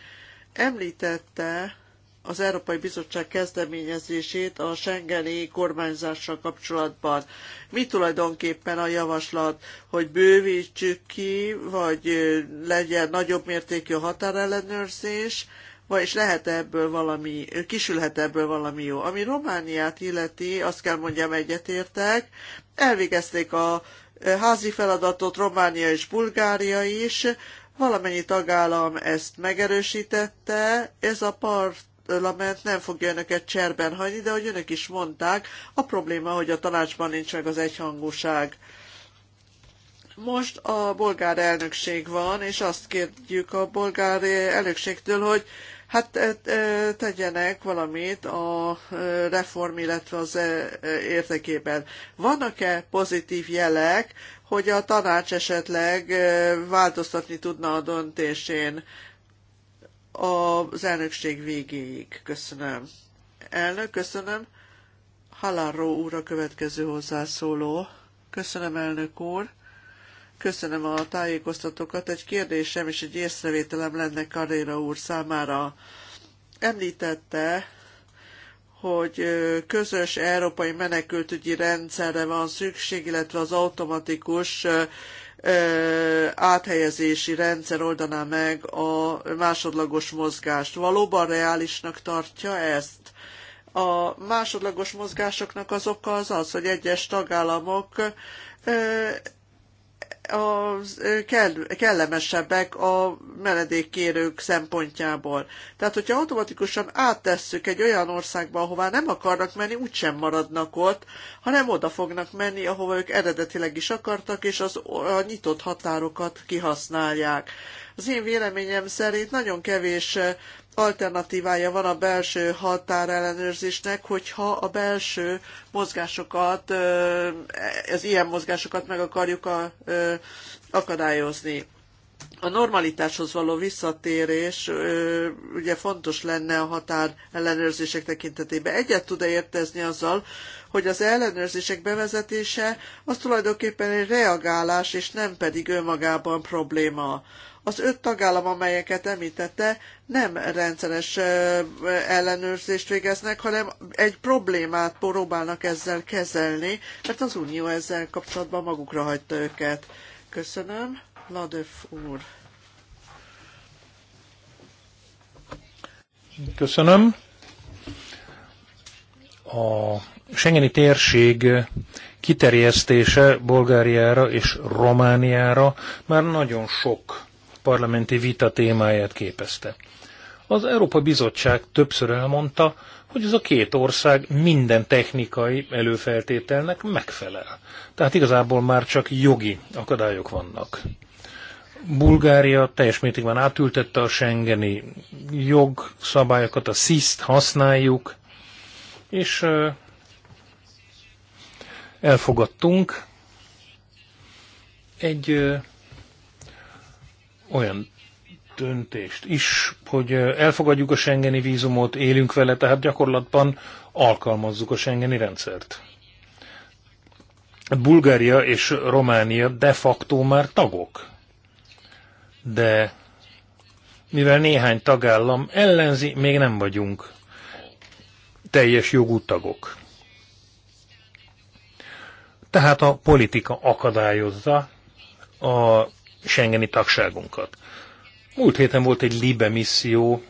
említette az Európai Bizottság kezdeményezését a Schengeni kormányzással kapcsolatban. Mi tulajdonképpen a javaslat, hogy bővítsük ki, vagy legyen nagyobb mértékű a határellenőrzés, vagy és lehet ebből valami, kisülhet ebből valami jó. Ami Romániát illeti, azt kell mondjam, egyetértek, elvégezték a házi feladatot Románia és Bulgária is, Valamennyi tagállam ezt megerősítette, ez a part parlament nem fogja önöket cserben hagyni, de ahogy önök is mondták, a probléma, hogy a tanácsban nincs meg az egyhangúság. Most a bolgár elnökség van, és azt kérjük a bolgár elnökségtől, hogy hát e, e, tegyenek valamit a e, reform, illetve az érdekében. Vannak-e pozitív jelek, hogy a tanács esetleg változtatni tudna a döntésén? az elnökség végéig. Köszönöm. Elnök, köszönöm. Haláró úr a következő hozzászóló. Köszönöm, elnök úr. Köszönöm a tájékoztatókat. Egy kérdésem és egy észrevételem lenne Karéra úr számára. Említette, hogy közös európai menekültügyi rendszerre van szükség, illetve az automatikus áthelyezési rendszer oldaná meg a másodlagos mozgást. Valóban reálisnak tartja ezt? A másodlagos mozgásoknak az oka az az, hogy egyes tagállamok a kellemesebbek a menedékkérők szempontjából. Tehát, hogyha automatikusan áttesszük egy olyan országba, ahová nem akarnak menni, úgysem maradnak ott, hanem oda fognak menni, ahova ők eredetileg is akartak, és az, a nyitott határokat kihasználják. Az én véleményem szerint nagyon kevés alternatívája van a belső határellenőrzésnek, hogyha a belső mozgásokat, az ilyen mozgásokat meg akarjuk a, akadályozni. A normalitáshoz való visszatérés ugye fontos lenne a határ ellenőrzések tekintetében. Egyet tud-e értezni azzal, hogy az ellenőrzések bevezetése az tulajdonképpen egy reagálás, és nem pedig önmagában probléma. Az öt tagállam, amelyeket említette, nem rendszeres ellenőrzést végeznek, hanem egy problémát próbálnak ezzel kezelni, mert az Unió ezzel kapcsolatban magukra hagyta őket. Köszönöm. Ladef úr. Köszönöm. A Schengeni térség kiterjesztése Bulgáriára és Romániára már nagyon sok parlamenti vita témáját képezte. Az Európa Bizottság többször elmondta, hogy ez a két ország minden technikai előfeltételnek megfelel. Tehát igazából már csak jogi akadályok vannak. Bulgária teljes mértékben átültette a Schengeni jogszabályokat, a sis t használjuk, és elfogadtunk egy olyan döntést is, hogy elfogadjuk a Schengeni vízumot, élünk vele, tehát gyakorlatban alkalmazzuk a Schengeni rendszert. Bulgária és Románia de facto már tagok. De mivel néhány tagállam ellenzi, még nem vagyunk teljes jogú tagok. Tehát a politika akadályozza a Schengeni tagságunkat. Múlt héten volt egy Libe misszió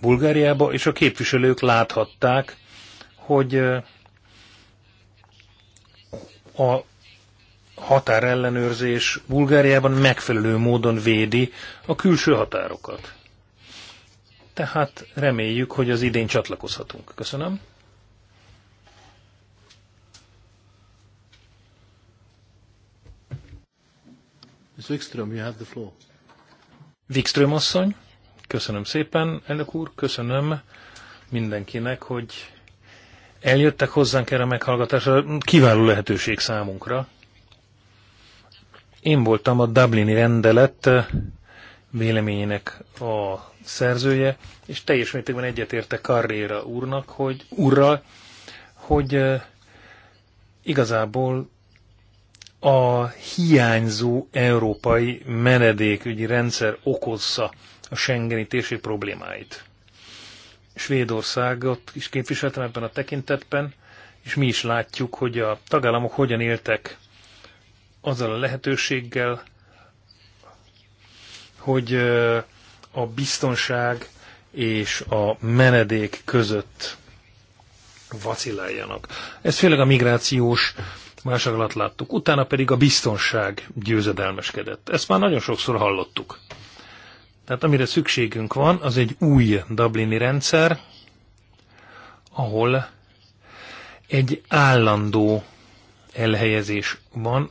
Bulgáriába, és a képviselők láthatták, hogy a határellenőrzés Bulgáriában megfelelő módon védi a külső határokat. Tehát reméljük, hogy az idén csatlakozhatunk. Köszönöm. Wikström, you have the floor. Wikström asszony, köszönöm szépen, elnök úr, köszönöm mindenkinek, hogy eljöttek hozzánk erre a meghallgatásra. Kiváló lehetőség számunkra. Én voltam a Dublini rendelet véleményének a szerzője, és teljes mértékben egyetértek Carrera úrnak, hogy urral, hogy eh, igazából a hiányzó európai menedékügyi rendszer okozza a Schengeni térség problémáit. Svédországot is képviseltem ebben a tekintetben, és mi is látjuk, hogy a tagállamok hogyan éltek azzal a lehetőséggel, hogy a biztonság és a menedék között vaciláljanak. Ez főleg a migrációs más alatt láttuk. Utána pedig a biztonság győzedelmeskedett. Ezt már nagyon sokszor hallottuk. Tehát amire szükségünk van, az egy új Dublini rendszer, ahol egy állandó elhelyezés van,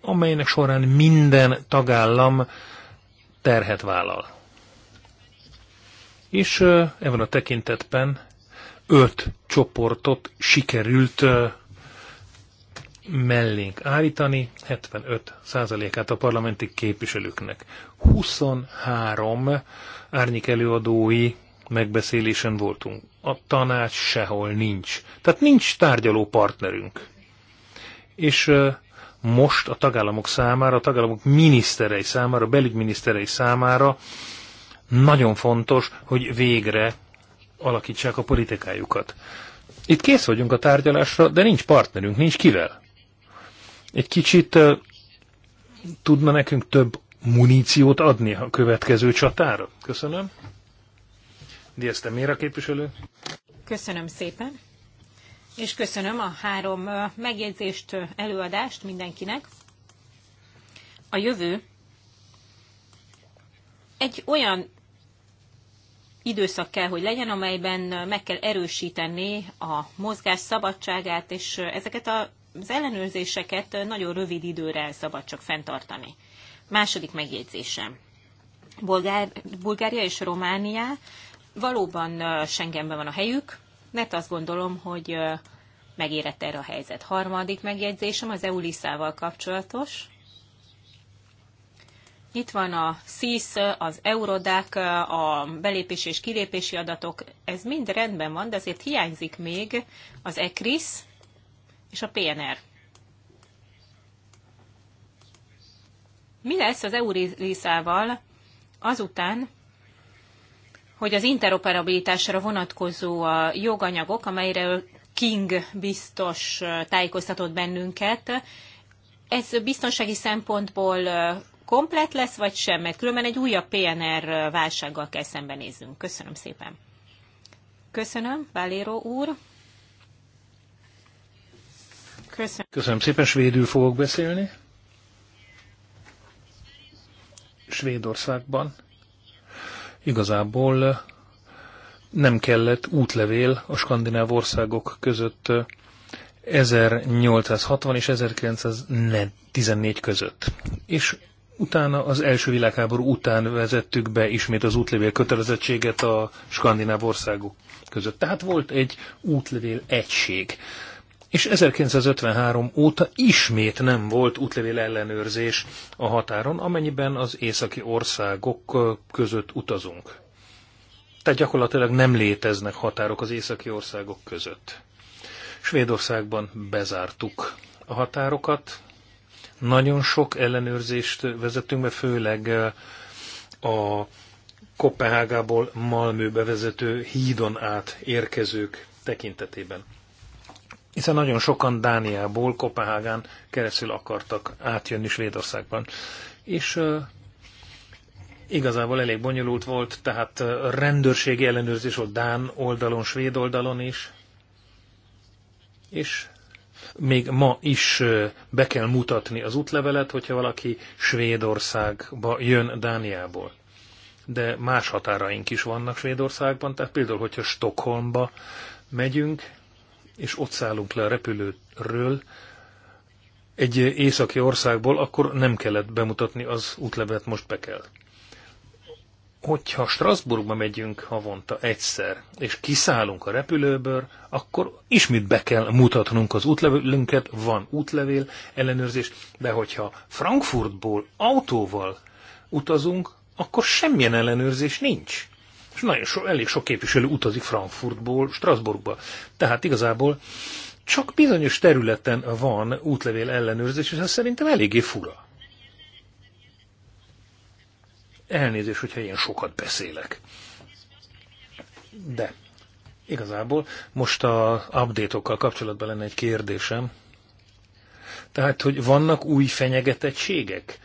amelynek során minden tagállam terhet vállal. És ebben a tekintetben öt csoportot sikerült mellénk állítani 75%-át a parlamenti képviselőknek. 23 árnyék előadói megbeszélésen voltunk. A tanács sehol nincs. Tehát nincs tárgyaló partnerünk. És most a tagállamok számára, a tagállamok miniszterei számára, a belügyminiszterei számára nagyon fontos, hogy végre alakítsák a politikájukat. Itt kész vagyunk a tárgyalásra, de nincs partnerünk, nincs kivel. Egy kicsit tudna nekünk több muníciót adni a következő csatára? Köszönöm. Dieste Méra képviselő. Köszönöm szépen. És köszönöm a három megjegyzést, előadást mindenkinek. A jövő egy olyan időszak kell, hogy legyen, amelyben meg kell erősíteni a mozgás szabadságát, és ezeket a az ellenőrzéseket nagyon rövid időre szabad csak fenntartani. Második megjegyzésem. Bulgár, Bulgária és Románia valóban Schengenben van a helyük, mert azt gondolom, hogy megérett erre a helyzet. Harmadik megjegyzésem az EULISZ-ával kapcsolatos. Itt van a SIS, az Eurodac, a belépési és kilépési adatok, ez mind rendben van, de azért hiányzik még az ECRIS, és a PNR. Mi lesz az részával azután, hogy az interoperabilitásra vonatkozó a joganyagok, amelyről King biztos tájékoztatott bennünket, ez biztonsági szempontból komplet lesz, vagy sem? Mert különben egy újabb PNR válsággal kell szembenéznünk. Köszönöm szépen. Köszönöm, Váléró úr. Köszönöm. Köszönöm szépen, svédül fogok beszélni. Svédországban igazából nem kellett útlevél a skandináv országok között 1860 és 1914 között. És utána az első világháború után vezettük be ismét az útlevél kötelezettséget a skandináv országok között. Tehát volt egy útlevél egység és 1953 óta ismét nem volt útlevél ellenőrzés a határon, amennyiben az északi országok között utazunk. Tehát gyakorlatilag nem léteznek határok az északi országok között. Svédországban bezártuk a határokat, nagyon sok ellenőrzést vezettünk be, főleg a Kopenhágából Malmöbe vezető hídon át érkezők tekintetében hiszen nagyon sokan Dániából, Kopenhágán keresztül akartak átjönni Svédországban. És uh, igazából elég bonyolult volt, tehát rendőrségi ellenőrzés volt Dán oldalon, Svéd oldalon is, és még ma is be kell mutatni az útlevelet, hogyha valaki Svédországba jön Dániából. De más határaink is vannak Svédországban, tehát például, hogyha Stockholmba megyünk, és ott szállunk le a repülőről egy északi országból, akkor nem kellett bemutatni az útlevet, most be kell. Hogyha Strasbourgba megyünk havonta egyszer, és kiszállunk a repülőből, akkor ismét be kell mutatnunk az útlevelünket, van útlevél, ellenőrzés, de hogyha Frankfurtból autóval utazunk, akkor semmilyen ellenőrzés nincs és nagyon so, elég sok képviselő utazik Frankfurtból Strasbourgba. Tehát igazából csak bizonyos területen van útlevél ellenőrzés, és ez szerintem eléggé fura. Elnézést, hogyha ilyen sokat beszélek. De igazából most a update-okkal kapcsolatban lenne egy kérdésem. Tehát, hogy vannak új fenyegetettségek?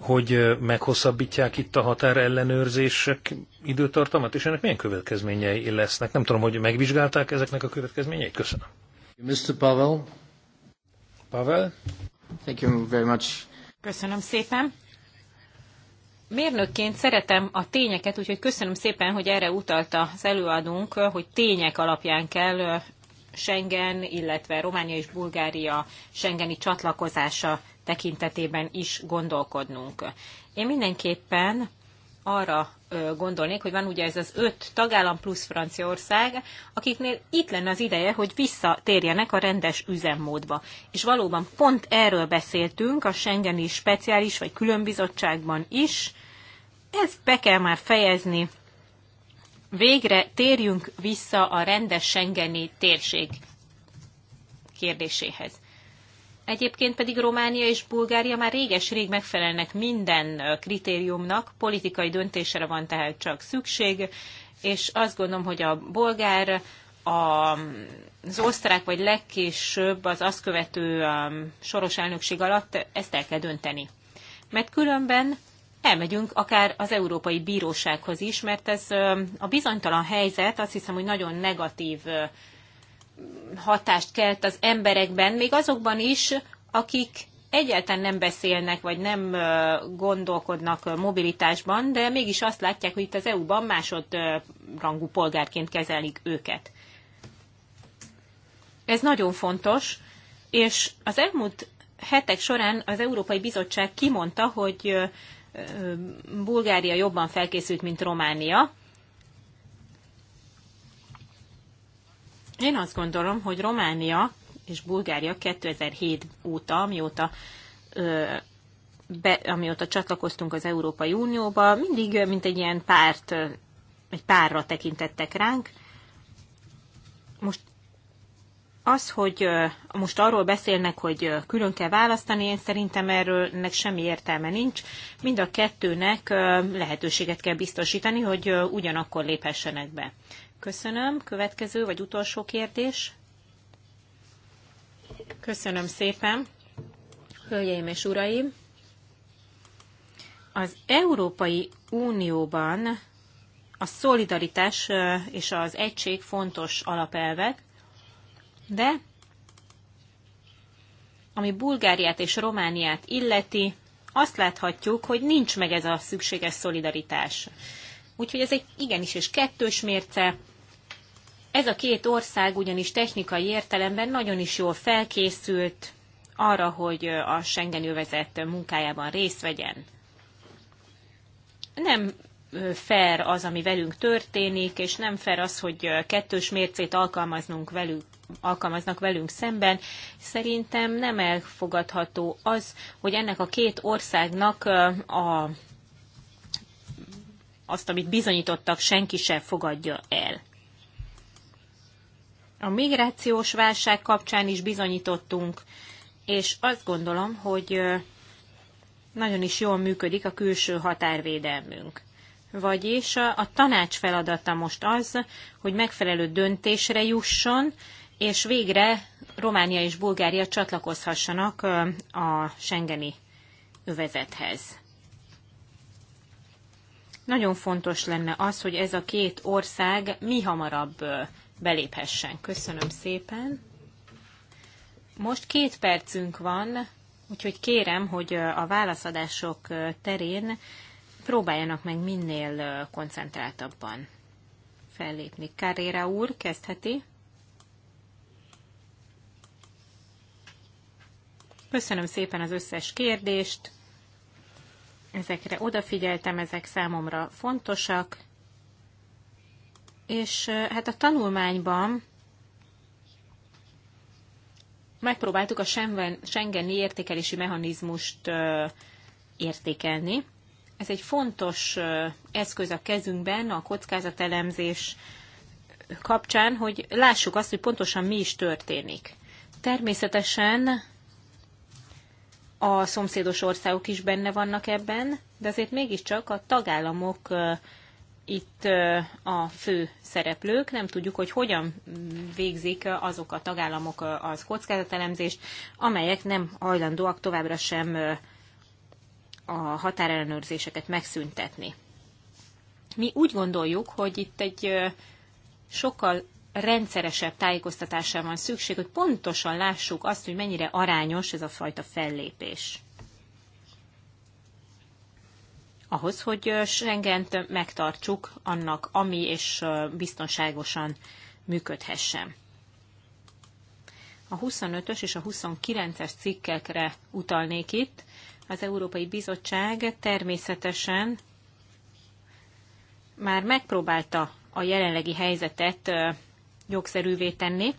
hogy meghosszabbítják itt a határellenőrzések időtartamát, és ennek milyen következményei lesznek? Nem tudom, hogy megvizsgálták ezeknek a következményeit? Köszönöm. Mr. Pavel. Pavel. Thank you very much. Köszönöm szépen. Mérnökként szeretem a tényeket, úgyhogy köszönöm szépen, hogy erre utalta az előadónk, hogy tények alapján kell Schengen, illetve Románia és Bulgária Schengeni csatlakozása tekintetében is gondolkodnunk. Én mindenképpen arra gondolnék, hogy van ugye ez az öt tagállam plusz Franciaország, akiknél itt lenne az ideje, hogy visszatérjenek a rendes üzemmódba. És valóban pont erről beszéltünk a Schengeni speciális vagy különbizottságban is. Ezt be kell már fejezni. Végre térjünk vissza a rendes Schengeni térség kérdéséhez. Egyébként pedig Románia és Bulgária már réges-rég megfelelnek minden kritériumnak, politikai döntésre van tehát csak szükség, és azt gondolom, hogy a bolgár, az osztrák vagy legkésőbb az azt követő soros elnökség alatt ezt el kell dönteni. Mert különben elmegyünk akár az Európai Bírósághoz is, mert ez a bizonytalan helyzet azt hiszem, hogy nagyon negatív hatást kelt az emberekben, még azokban is, akik egyáltalán nem beszélnek, vagy nem gondolkodnak mobilitásban, de mégis azt látják, hogy itt az EU-ban másodrangú polgárként kezelik őket. Ez nagyon fontos, és az elmúlt hetek során az Európai Bizottság kimondta, hogy Bulgária jobban felkészült, mint Románia, Én azt gondolom, hogy Románia és Bulgária 2007 óta, amióta ö, be, amióta csatlakoztunk az Európai Unióba, mindig mint egy ilyen párt, egy párra tekintettek ránk. Most az, hogy most arról beszélnek, hogy külön kell választani, én szerintem erről ennek semmi értelme nincs. Mind a kettőnek lehetőséget kell biztosítani, hogy ugyanakkor léphessenek be. Köszönöm. Következő vagy utolsó kérdés? Köszönöm szépen. Hölgyeim és uraim! Az Európai Unióban a szolidaritás és az egység fontos alapelvek, de ami Bulgáriát és Romániát illeti, azt láthatjuk, hogy nincs meg ez a szükséges szolidaritás. Úgyhogy ez egy igenis és kettős mérce. Ez a két ország ugyanis technikai értelemben nagyon is jól felkészült arra, hogy a Schengen övezet munkájában részt vegyen. Nem fair az, ami velünk történik, és nem fair az, hogy kettős mércét alkalmaznunk velük, alkalmaznak velünk szemben. Szerintem nem elfogadható az, hogy ennek a két országnak a azt, amit bizonyítottak, senki sem fogadja el. A migrációs válság kapcsán is bizonyítottunk, és azt gondolom, hogy nagyon is jól működik a külső határvédelmünk. Vagyis a tanács feladata most az, hogy megfelelő döntésre jusson, és végre Románia és Bulgária csatlakozhassanak a Schengeni övezethez. Nagyon fontos lenne az, hogy ez a két ország mi hamarabb beléphessen. Köszönöm szépen. Most két percünk van, úgyhogy kérem, hogy a válaszadások terén próbáljanak meg minél koncentráltabban fellépni. Karéra úr kezdheti. Köszönöm szépen az összes kérdést, ezekre odafigyeltem, ezek számomra fontosak, és eh, hát a tanulmányban megpróbáltuk a Schengeni értékelési mechanizmust eh, értékelni. Ez egy fontos eh, eszköz a kezünkben a kockázatelemzés kapcsán, hogy lássuk azt, hogy pontosan mi is történik. Természetesen a szomszédos országok is benne vannak ebben, de azért mégiscsak a tagállamok itt a fő szereplők, nem tudjuk, hogy hogyan végzik azok a tagállamok az kockázatelemzést, amelyek nem hajlandóak továbbra sem a határellenőrzéseket megszüntetni. Mi úgy gondoljuk, hogy itt egy sokkal rendszeresebb tájékoztatásra van szükség, hogy pontosan lássuk azt, hogy mennyire arányos ez a fajta fellépés. Ahhoz, hogy Schengent megtartsuk annak, ami és biztonságosan működhessen. A 25-ös és a 29-es cikkekre utalnék itt. Az Európai Bizottság természetesen már megpróbálta a jelenlegi helyzetet jogszerűvé tenni,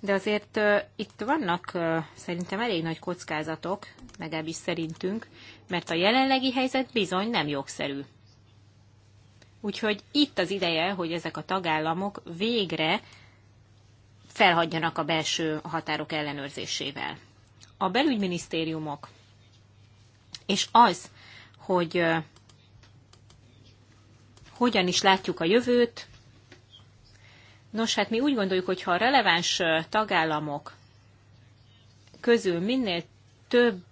de azért itt vannak szerintem elég nagy kockázatok, legalábbis szerintünk, mert a jelenlegi helyzet bizony nem jogszerű. Úgyhogy itt az ideje, hogy ezek a tagállamok végre felhagyjanak a belső határok ellenőrzésével. A belügyminisztériumok és az, hogy hogyan is látjuk a jövőt, Nos, hát mi úgy gondoljuk, hogy ha a releváns tagállamok közül minél több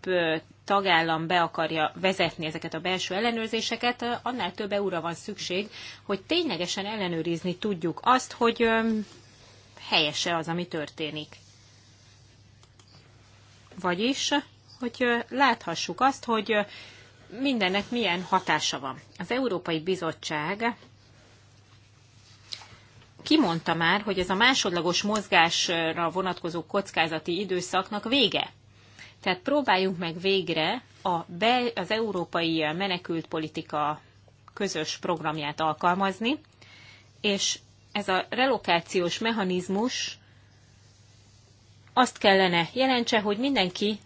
tagállam be akarja vezetni ezeket a belső ellenőrzéseket, annál több eura van szükség, hogy ténylegesen ellenőrizni tudjuk azt, hogy helyese az, ami történik. Vagyis, hogy láthassuk azt, hogy mindennek milyen hatása van. Az Európai Bizottság kimondta már, hogy ez a másodlagos mozgásra vonatkozó kockázati időszaknak vége. Tehát próbáljunk meg végre a be, az európai menekültpolitika közös programját alkalmazni, és ez a relokációs mechanizmus azt kellene jelentse, hogy mindenki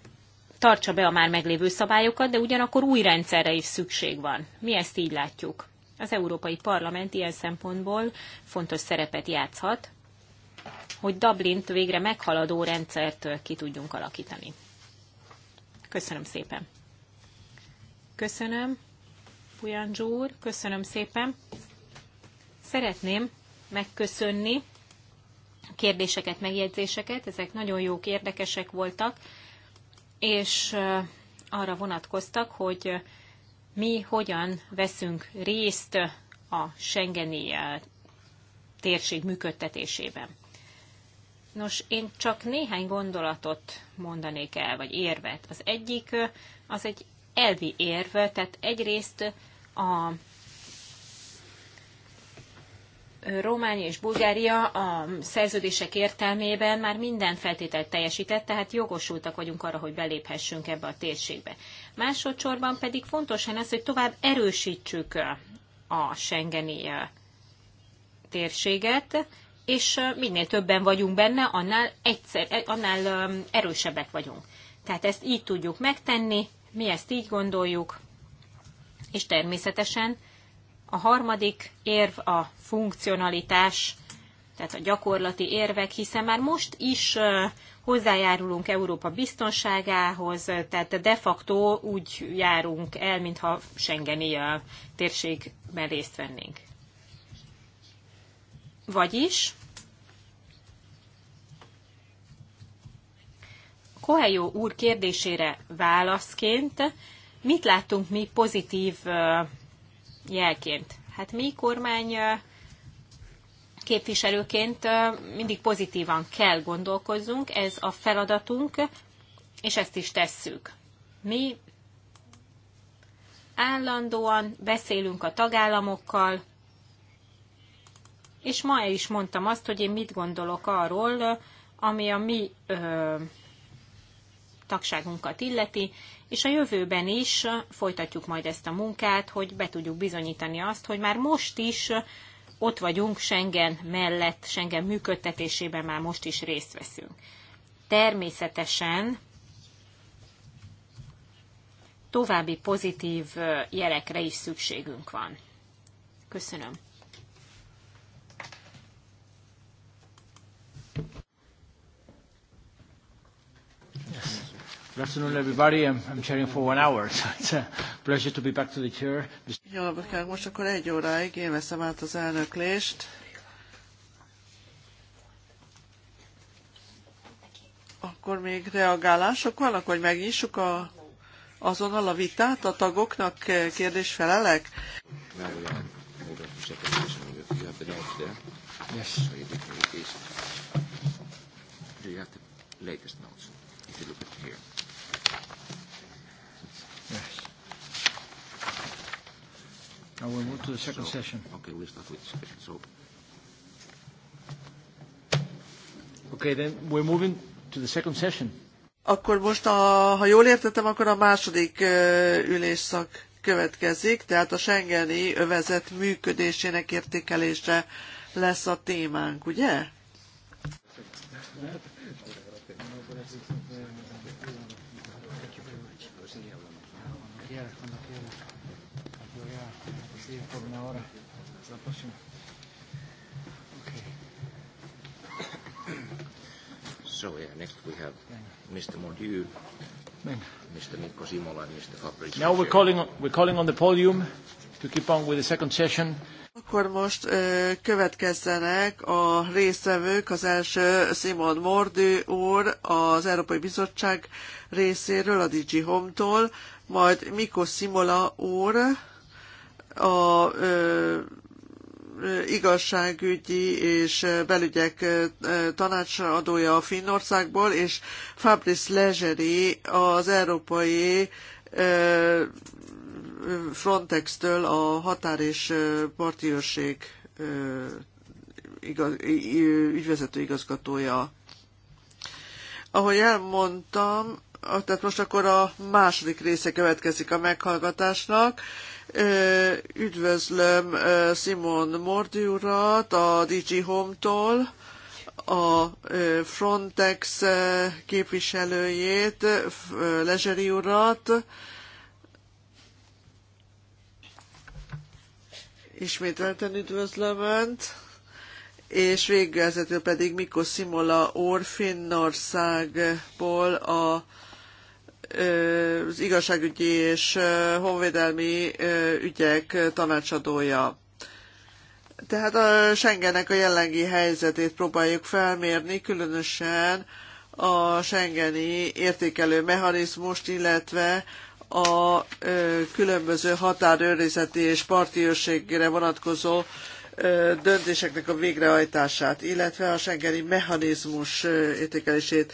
tartsa be a már meglévő szabályokat, de ugyanakkor új rendszerre is szükség van. Mi ezt így látjuk. Az Európai Parlament ilyen szempontból fontos szerepet játszhat, hogy Dublint végre meghaladó rendszert ki tudjunk alakítani. Köszönöm szépen. Köszönöm, Pujanzsó úr, köszönöm szépen. Szeretném megköszönni a kérdéseket, megjegyzéseket, ezek nagyon jók, érdekesek voltak, és arra vonatkoztak, hogy mi hogyan veszünk részt a Schengeni eh, térség működtetésében. Nos, én csak néhány gondolatot mondanék el, vagy érvet. Az egyik, eh, az egy elvi érv, tehát egyrészt a Románia és Bulgária a szerződések értelmében már minden feltételt teljesített, tehát jogosultak vagyunk arra, hogy beléphessünk ebbe a térségbe. Másodszorban pedig fontos ez, hogy tovább erősítsük a Schengeni térséget, és minél többen vagyunk benne, annál, egyszer, e, annál erősebbek vagyunk. Tehát ezt így tudjuk megtenni, mi ezt így gondoljuk, és természetesen a harmadik érv a funkcionalitás a gyakorlati érvek, hiszen már most is hozzájárulunk Európa biztonságához, tehát de facto úgy járunk el, mintha Schengeni térségben részt vennénk. Vagyis Koelyó úr kérdésére válaszként mit láttunk mi pozitív jelként? Hát mi kormány képviselőként mindig pozitívan kell gondolkozzunk, ez a feladatunk, és ezt is tesszük. Mi állandóan beszélünk a tagállamokkal, és ma is mondtam azt, hogy én mit gondolok arról, ami a mi ö, tagságunkat illeti, és a jövőben is folytatjuk majd ezt a munkát, hogy be tudjuk bizonyítani azt, hogy már most is ott vagyunk Schengen mellett, Schengen működtetésében már most is részt veszünk. Természetesen további pozitív jelekre is szükségünk van. Köszönöm. Good afternoon, everybody. I'm, I'm chairing for one hour, so it's a pleasure to be back to the chair. Jó napot kívánok, most akkor egy óráig én veszem át az elnöklést. Akkor még reagálások vannak, hogy megnyissuk a, azonnal a vitát, a tagoknak kérdés-felelek? Yes. Do you have the latest notes? If you look at here. I will move to the second so, session. Okay, we'll start with the second. So. Okay, then we're moving to the second session. Akkor most, a, ha jól értettem, akkor a második uh, ülésszak következik, tehát a Schengeni övezet működésének értékelése lesz a témánk, ugye? So, yeah, next we have Mr. Mordieu, Mr. Mikko Simola, and Mr. Fabrice. Now we're calling, on, we're calling on the podium to keep on with the second session. Akkor most ö, következzenek a részvevők, az első Simon Mordő úr az Európai Bizottság részéről, a DG Home-tól, majd Mikko Simola úr, a igazságügyi és belügyek tanácsadója a Finnországból, és Fabrice Legeri az európai Frontex-től a határ és parti őrség ügyvezető igazgatója. Ahogy elmondtam, tehát most akkor a második része következik a meghallgatásnak. Üdvözlöm Simon Mordi urat a DG Home-tól, a Frontex képviselőjét, Lezseri urat, ismételten üdvözlöm Önt, és végezetül pedig Mikko Simola Orfinnországból a az igazságügyi és honvédelmi ügyek tanácsadója. Tehát a Schengennek a jelenlegi helyzetét próbáljuk felmérni, különösen a Schengeni értékelő mechanizmust, illetve a különböző határőrizeti és partiőrségre vonatkozó döntéseknek a végrehajtását, illetve a Schengeni mechanizmus értékelését.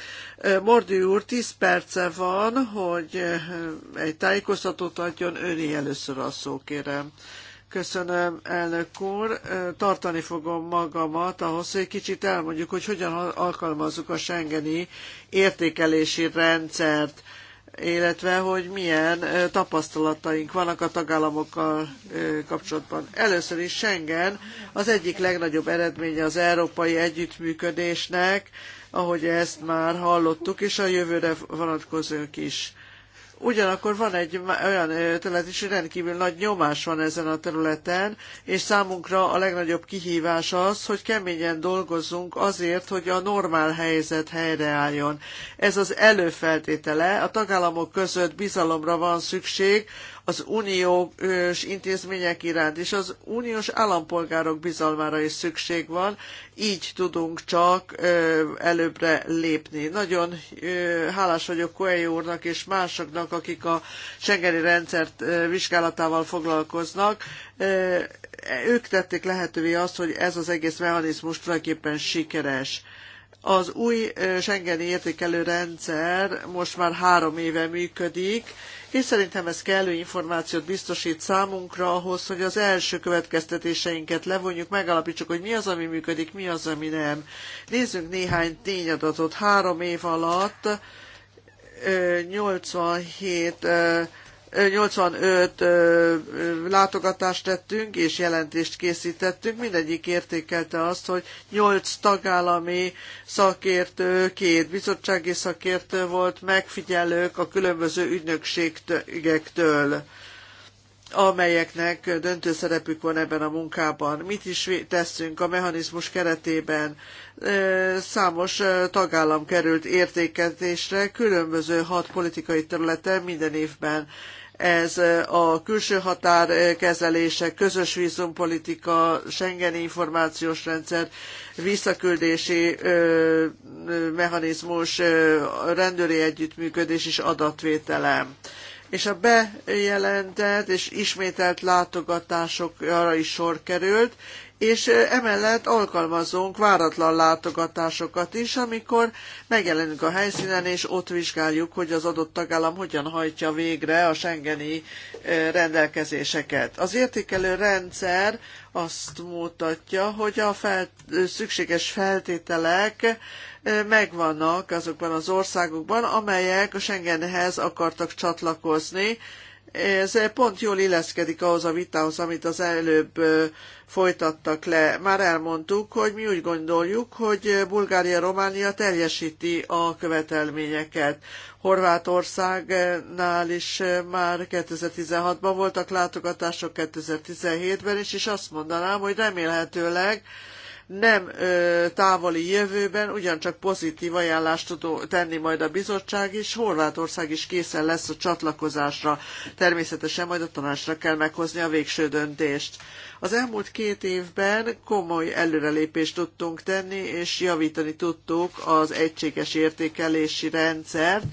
Mordi úr, 10 perce van, hogy egy tájékoztatót adjon, öné először a szó, kérem. Köszönöm, elnök úr. Tartani fogom magamat ahhoz, hogy kicsit elmondjuk, hogy hogyan alkalmazzuk a Schengeni értékelési rendszert illetve hogy milyen tapasztalataink vannak a tagállamokkal kapcsolatban. Először is Schengen az egyik legnagyobb eredménye az európai együttműködésnek, ahogy ezt már hallottuk, és a jövőre vonatkozók is. Ugyanakkor van egy olyan terület is, hogy rendkívül nagy nyomás van ezen a területen, és számunkra a legnagyobb kihívás az, hogy keményen dolgozzunk azért, hogy a normál helyzet helyreálljon. Ez az előfeltétele, a tagállamok között bizalomra van szükség, az uniós intézmények iránt és az uniós állampolgárok bizalmára is szükség van, így tudunk csak előbbre lépni. Nagyon hálás vagyok Coelho úrnak és másoknak, akik a Schengeni rendszert vizsgálatával foglalkoznak. Ők tették lehetővé azt, hogy ez az egész mechanizmus tulajdonképpen sikeres. Az új Schengeni értékelő rendszer most már három éve működik, és szerintem ez kellő információt biztosít számunkra ahhoz, hogy az első következtetéseinket levonjuk, megalapítsuk, hogy mi az, ami működik, mi az, ami nem. Nézzünk néhány tényadatot. Három év alatt 87 85 látogatást tettünk, és jelentést készítettünk. Mindegyik értékelte azt, hogy 8 tagállami szakértő, két bizottsági szakértő volt, megfigyelők a különböző ügynökségektől amelyeknek döntő szerepük van ebben a munkában. Mit is teszünk a mechanizmus keretében? számos tagállam került értékelésre különböző hat politikai területen minden évben. Ez a külső határ kezelése, közös vízumpolitika, Schengeni információs rendszer, visszaküldési mechanizmus, rendőri együttműködés és adatvételem és a bejelentett és ismételt látogatásokra is sor került, és emellett alkalmazunk váratlan látogatásokat is, amikor megjelenünk a helyszínen, és ott vizsgáljuk, hogy az adott tagállam hogyan hajtja végre a Schengeni rendelkezéseket. Az értékelő rendszer azt mutatja, hogy a fel, szükséges feltételek megvannak azokban az országokban, amelyek a Schengenhez akartak csatlakozni, ez pont jól illeszkedik ahhoz a vitához, amit az előbb folytattak le. Már elmondtuk, hogy mi úgy gondoljuk, hogy Bulgária-Románia teljesíti a követelményeket. Horvátországnál is már 2016-ban voltak látogatások, 2017-ben is, és azt mondanám, hogy remélhetőleg nem távoli jövőben ugyancsak pozitív ajánlást tud tenni majd a bizottság, és Horvátország is készen lesz a csatlakozásra. Természetesen majd a tanácsra kell meghozni a végső döntést. Az elmúlt két évben komoly előrelépést tudtunk tenni, és javítani tudtuk az egységes értékelési rendszert,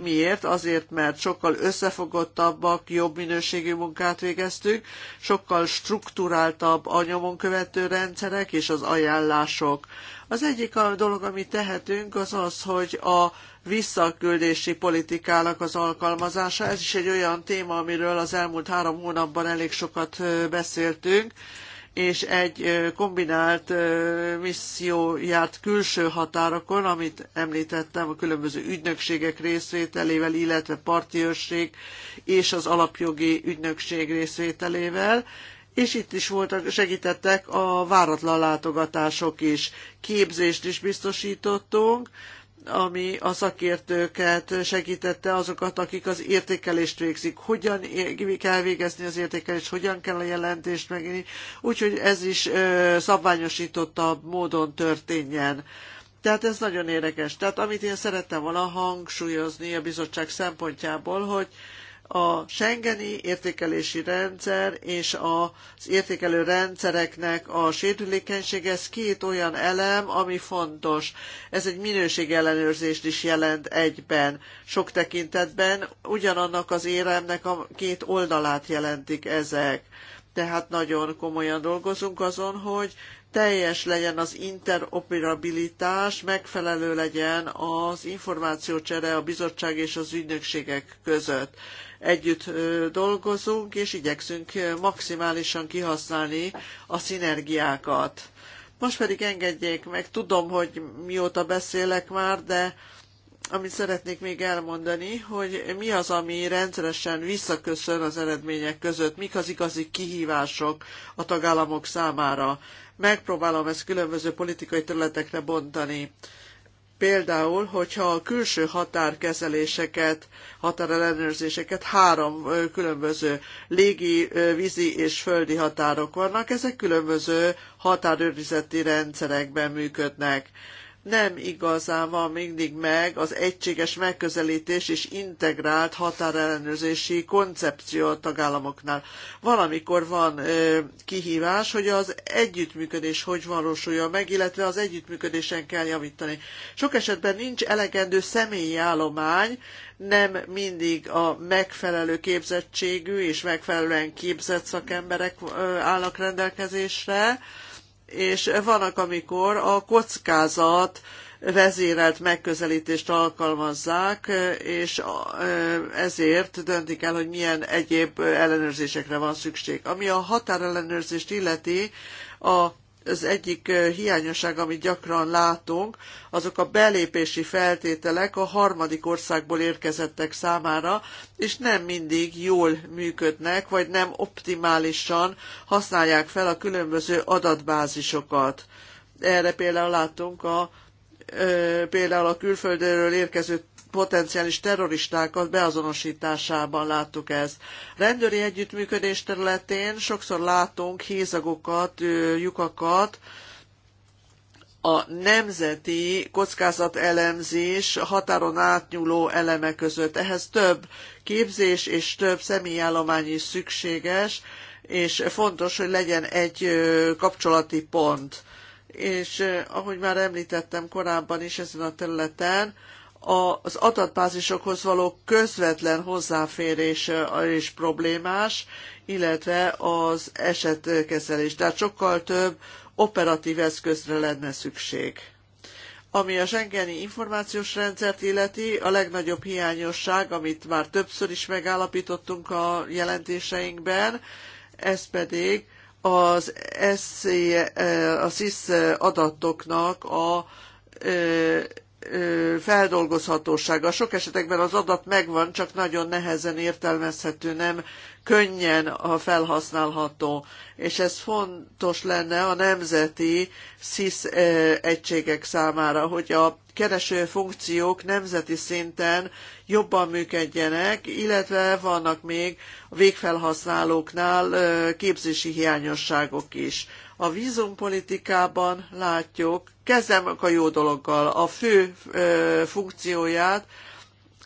Miért? Azért, mert sokkal összefogottabbak, jobb minőségű munkát végeztünk, sokkal struktúráltabb a nyomon követő rendszerek és az ajánlások. Az egyik a dolog, amit tehetünk, az az, hogy a visszaküldési politikának az alkalmazása. Ez is egy olyan téma, amiről az elmúlt három hónapban elég sokat beszéltünk, és egy kombinált misszió járt külső határokon, amit említettem, a különböző ügynökségek részvételével, illetve parti őrség és az alapjogi ügynökség részvételével, és itt is voltak, segítettek a váratlan látogatások is. Képzést is biztosítottunk, ami a szakértőket segítette, azokat, akik az értékelést végzik. Hogyan kell végezni az értékelést, hogyan kell a jelentést megírni, úgyhogy ez is szabványosítottabb módon történjen. Tehát ez nagyon érdekes. Tehát amit én szerettem volna hangsúlyozni a bizottság szempontjából, hogy a Schengeni értékelési rendszer és az értékelő rendszereknek a sérülékenysége, ez két olyan elem, ami fontos. Ez egy minőségellenőrzést is jelent egyben, sok tekintetben. Ugyanannak az éremnek a két oldalát jelentik ezek. Tehát nagyon komolyan dolgozunk azon, hogy teljes legyen az interoperabilitás, megfelelő legyen az információcsere a bizottság és az ügynökségek között együtt dolgozunk, és igyekszünk maximálisan kihasználni a szinergiákat. Most pedig engedjék meg, tudom, hogy mióta beszélek már, de amit szeretnék még elmondani, hogy mi az, ami rendszeresen visszaköszön az eredmények között, mik az igazi kihívások a tagállamok számára. Megpróbálom ezt különböző politikai területekre bontani. Például, hogyha a külső határkezeléseket, határellenőrzéseket három különböző légi, vízi és földi határok vannak, ezek különböző határőrizeti rendszerekben működnek nem igazán van mindig meg az egységes megközelítés és integrált határellenőrzési koncepció a tagállamoknál. Valamikor van ö, kihívás, hogy az együttműködés hogy valósuljon meg, illetve az együttműködésen kell javítani. Sok esetben nincs elegendő személyi állomány, nem mindig a megfelelő képzettségű és megfelelően képzett szakemberek állnak rendelkezésre, és vannak, amikor a kockázat vezérelt megközelítést alkalmazzák, és ezért döntik el, hogy milyen egyéb ellenőrzésekre van szükség. Ami a határellenőrzést illeti, a az egyik hiányosság, amit gyakran látunk, azok a belépési feltételek a harmadik országból érkezettek számára, és nem mindig jól működnek, vagy nem optimálisan használják fel a különböző adatbázisokat. Erre például látunk a például a külföldről érkező potenciális terroristákat beazonosításában láttuk ezt. Rendőri együttműködés területén sokszor látunk hézagokat, lyukakat, a nemzeti kockázatelemzés határon átnyúló eleme között. Ehhez több képzés és több személyállomány is szükséges, és fontos, hogy legyen egy kapcsolati pont. És ahogy már említettem korábban is ezen a területen, az adatbázisokhoz való közvetlen hozzáférés is problémás, illetve az esetkezelés. Tehát sokkal több operatív eszközre lenne szükség. Ami a Schengeni információs rendszert illeti, a legnagyobb hiányosság, amit már többször is megállapítottunk a jelentéseinkben, ez pedig az SZ, a SIS adatoknak a feldolgozhatósága. Sok esetekben az adat megvan, csak nagyon nehezen értelmezhető, nem könnyen a felhasználható. És ez fontos lenne a nemzeti SIS egységek számára, hogy a kereső funkciók nemzeti szinten jobban működjenek, illetve vannak még a végfelhasználóknál képzési hiányosságok is. A vízumpolitikában látjuk, kezdem a jó dologgal, a fő ö, funkcióját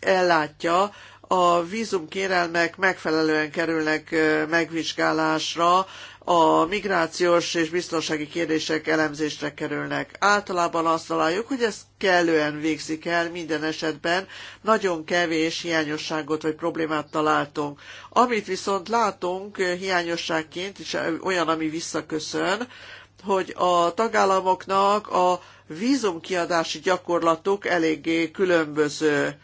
ellátja, a vízumkérelmek megfelelően kerülnek megvizsgálásra a migrációs és biztonsági kérdések elemzésre kerülnek. Általában azt találjuk, hogy ezt kellően végzik el minden esetben, nagyon kevés hiányosságot vagy problémát találtunk. Amit viszont látunk hiányosságként, és olyan, ami visszaköszön, hogy a tagállamoknak a vízumkiadási gyakorlatok eléggé különböző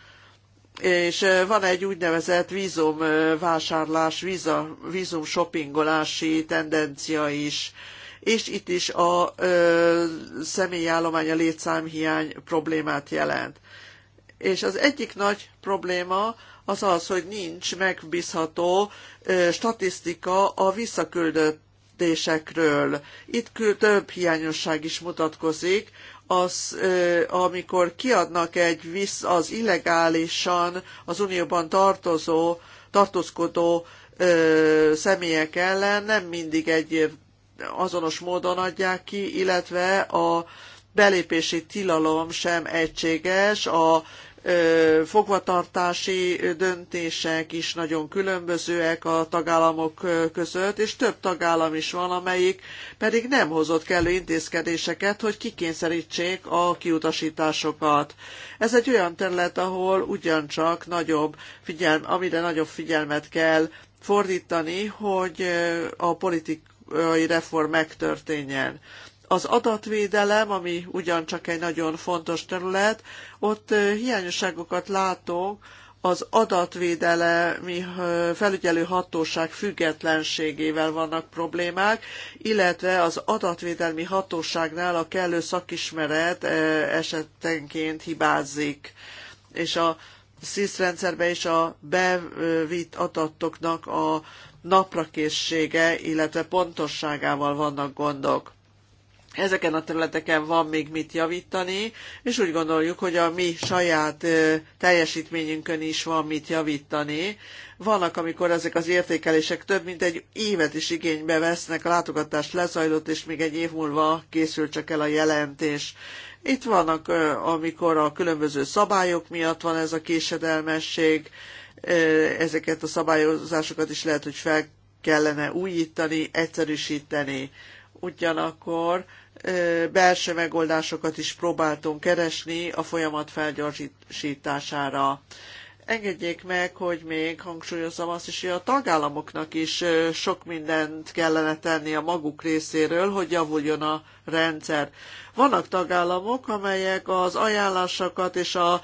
és van egy úgynevezett vízum vásárlás, vízum shoppingolási tendencia is, és itt is a ö, személyállomány, a létszámhiány problémát jelent. És az egyik nagy probléma az az, hogy nincs megbízható ö, statisztika a visszaküldött Itt több hiányosság is mutatkozik, az, amikor kiadnak egy visz, az illegálisan az unióban tartozó, tartózkodó ö, személyek ellen nem mindig egy azonos módon adják ki, illetve a belépési tilalom sem egységes, a fogvatartási döntések is nagyon különbözőek a tagállamok között, és több tagállam is van, amelyik pedig nem hozott kellő intézkedéseket, hogy kikényszerítsék a kiutasításokat. Ez egy olyan terület, ahol ugyancsak nagyobb figyelm, amire nagyobb figyelmet kell fordítani, hogy a politikai reform megtörténjen. Az adatvédelem, ami ugyancsak egy nagyon fontos terület, ott hiányosságokat látunk az adatvédelemi felügyelő hatóság függetlenségével vannak problémák, illetve az adatvédelmi hatóságnál a kellő szakismeret esetenként hibázik. És a SZISZ rendszerben is a bevitt adatoknak a naprakészsége, illetve pontosságával vannak gondok. Ezeken a területeken van még mit javítani, és úgy gondoljuk, hogy a mi saját teljesítményünkön is van mit javítani. Vannak, amikor ezek az értékelések több mint egy évet is igénybe vesznek, a látogatás lezajlott, és még egy év múlva készül csak el a jelentés. Itt vannak, amikor a különböző szabályok miatt van ez a késedelmesség, ezeket a szabályozásokat is lehet, hogy fel kellene újítani, egyszerűsíteni. Ugyanakkor belső megoldásokat is próbáltunk keresni a folyamat felgyorsítására. Engedjék meg, hogy még hangsúlyozzam azt is, hogy a tagállamoknak is sok mindent kellene tenni a maguk részéről, hogy javuljon a rendszer. Vannak tagállamok, amelyek az ajánlásokat és a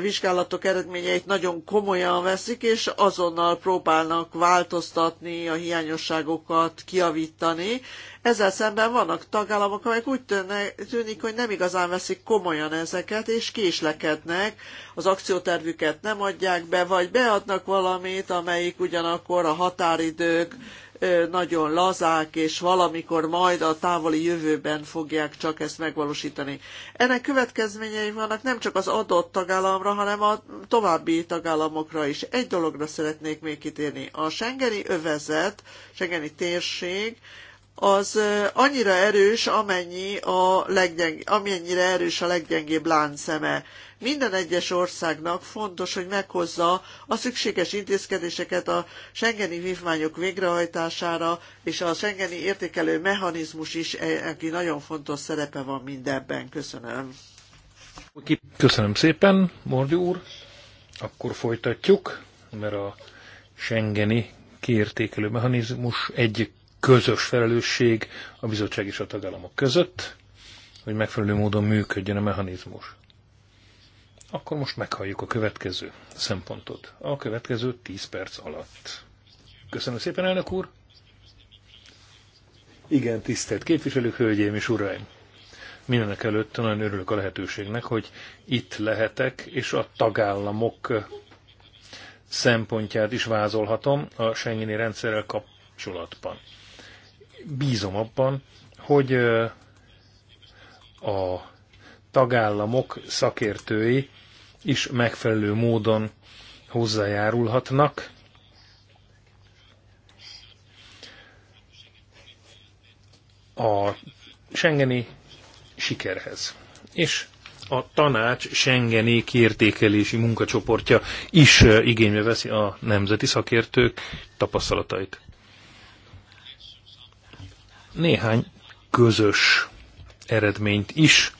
vizsgálatok eredményeit nagyon komolyan veszik, és azonnal próbálnak változtatni, a hiányosságokat kiavítani. Ezzel szemben vannak tagállamok, amelyek úgy tűnik, hogy nem igazán veszik komolyan ezeket, és késlekednek, az akciótervüket nem adják be, vagy beadnak valamit, amelyik ugyanakkor a határidők, nagyon lazák, és valamikor majd a távoli jövőben fogják csak ezt megvalósítani. Ennek következményei vannak nem csak az adott tagállamra, hanem a további tagállamokra is. Egy dologra szeretnék még kitérni. A Schengeni övezet, Schengeni térség, az annyira erős, amennyi a leggyeng, amennyire erős a leggyengébb láncszeme. Minden egyes országnak fontos, hogy meghozza a szükséges intézkedéseket a Schengeni vívmányok végrehajtására, és a Schengeni értékelő mechanizmus is, e, aki nagyon fontos szerepe van mindebben. Köszönöm. Köszönöm szépen, Mordi úr. Akkor folytatjuk, mert a Schengeni kiértékelő mechanizmus egy közös felelősség a bizottság és a tagállamok között, hogy megfelelő módon működjön a mechanizmus. Akkor most meghalljuk a következő szempontot. A következő 10 perc alatt. Köszönöm szépen, elnök úr! Igen, tisztelt képviselők, hölgyeim és uraim! Mindenek előtt nagyon örülök a lehetőségnek, hogy itt lehetek, és a tagállamok szempontját is vázolhatom a Schengeni rendszerrel kapcsolatban. Bízom abban, hogy a tagállamok szakértői is megfelelő módon hozzájárulhatnak. a Schengeni sikerhez. És a tanács Schengeni kiértékelési munkacsoportja is igénybe veszi a nemzeti szakértők tapasztalatait. Néhány közös eredményt is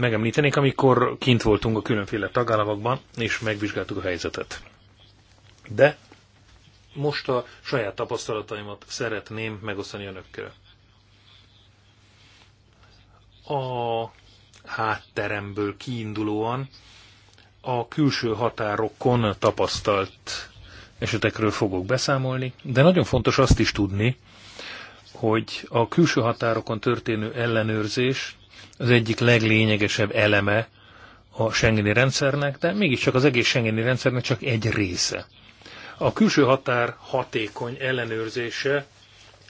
megemlítenék, amikor kint voltunk a különféle tagállamokban, és megvizsgáltuk a helyzetet. De most a saját tapasztalataimat szeretném megosztani önökkel. A hátteremből kiindulóan a külső határokon tapasztalt esetekről fogok beszámolni, de nagyon fontos azt is tudni, hogy a külső határokon történő ellenőrzés az egyik leglényegesebb eleme a Schengeni rendszernek, de mégiscsak az egész Schengeni rendszernek csak egy része. A külső határ hatékony ellenőrzése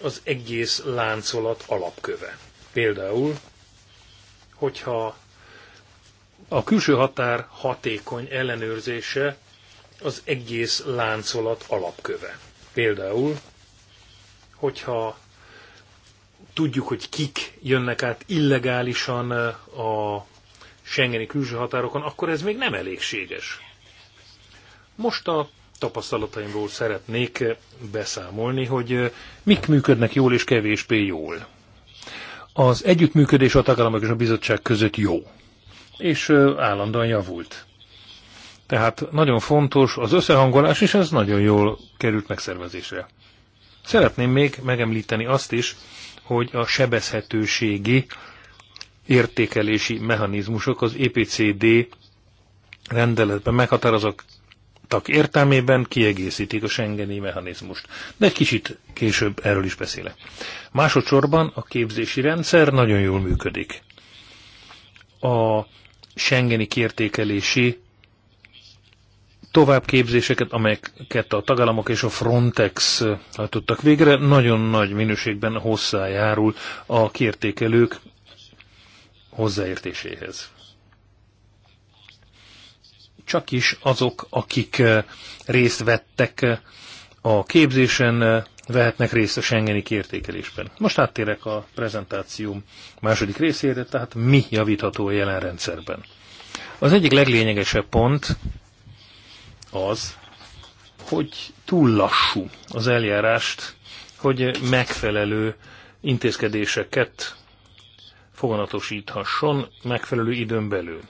az egész láncolat alapköve. Például, hogyha a külső határ hatékony ellenőrzése az egész láncolat alapköve. Például, hogyha tudjuk, hogy kik jönnek át illegálisan a Schengeni külső határokon, akkor ez még nem elégséges. Most a tapasztalataimról szeretnék beszámolni, hogy mik működnek jól és kevésbé jól. Az együttműködés a tagállamok és a bizottság között jó, és állandóan javult. Tehát nagyon fontos az összehangolás, és ez nagyon jól került megszervezésre. Szeretném még megemlíteni azt is, hogy a sebezhetőségi értékelési mechanizmusok az EPCD rendeletben meghatározottak értelmében kiegészítik a Schengeni mechanizmust. De egy kicsit később erről is beszélek. Másodszorban a képzési rendszer nagyon jól működik. A Schengeni kiértékelési továbbképzéseket, amelyeket a tagállamok és a Frontex hajtottak eh, végre, nagyon nagy minőségben hozzájárul a kiértékelők hozzáértéséhez. Csak is azok, akik eh, részt vettek eh, a képzésen, vehetnek részt a Schengeni kiértékelésben. Most áttérek a prezentációm második részére, tehát mi javítható a jelen rendszerben. Az egyik leglényegesebb pont az, hogy túl lassú az eljárást, hogy megfelelő intézkedéseket foganatosíthasson megfelelő időn belül.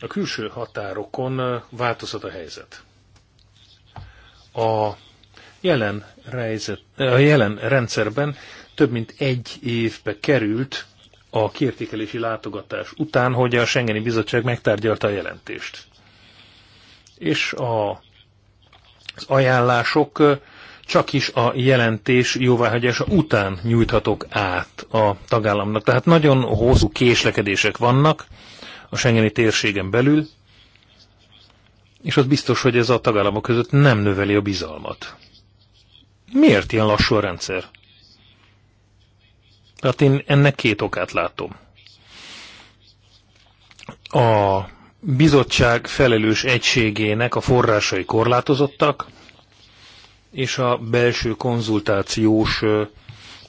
A külső határokon változhat a helyzet. A jelen, rejzet, a jelen rendszerben több mint egy évbe került a kiértékelési látogatás után, hogy a Schengeni Bizottság megtárgyalta a jelentést és a, az ajánlások csak is a jelentés jóváhagyása után nyújthatok át a tagállamnak. Tehát nagyon hosszú késlekedések vannak a Schengeni térségen belül, és az biztos, hogy ez a tagállamok között nem növeli a bizalmat. Miért ilyen lassú a rendszer? Tehát én ennek két okát látom. A bizottság felelős egységének a forrásai korlátozottak, és a belső konzultációs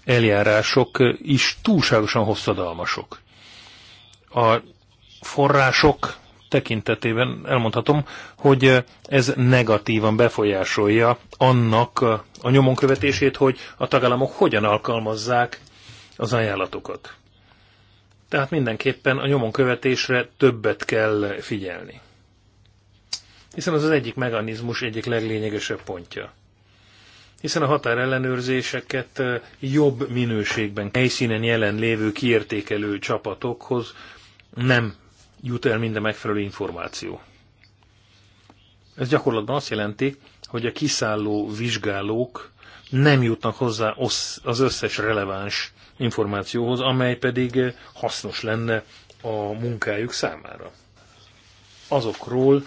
eljárások is túlságosan hosszadalmasok. A források tekintetében elmondhatom, hogy ez negatívan befolyásolja annak a nyomonkövetését, hogy a tagállamok hogyan alkalmazzák az ajánlatokat. Tehát mindenképpen a nyomon követésre többet kell figyelni. Hiszen az az egyik mechanizmus egyik leglényegesebb pontja. Hiszen a határellenőrzéseket jobb minőségben helyszínen jelen lévő kiértékelő csapatokhoz nem jut el minden megfelelő információ. Ez gyakorlatban azt jelenti, hogy a kiszálló vizsgálók nem jutnak hozzá az összes releváns információhoz, amely pedig eh, hasznos lenne a munkájuk számára. Azokról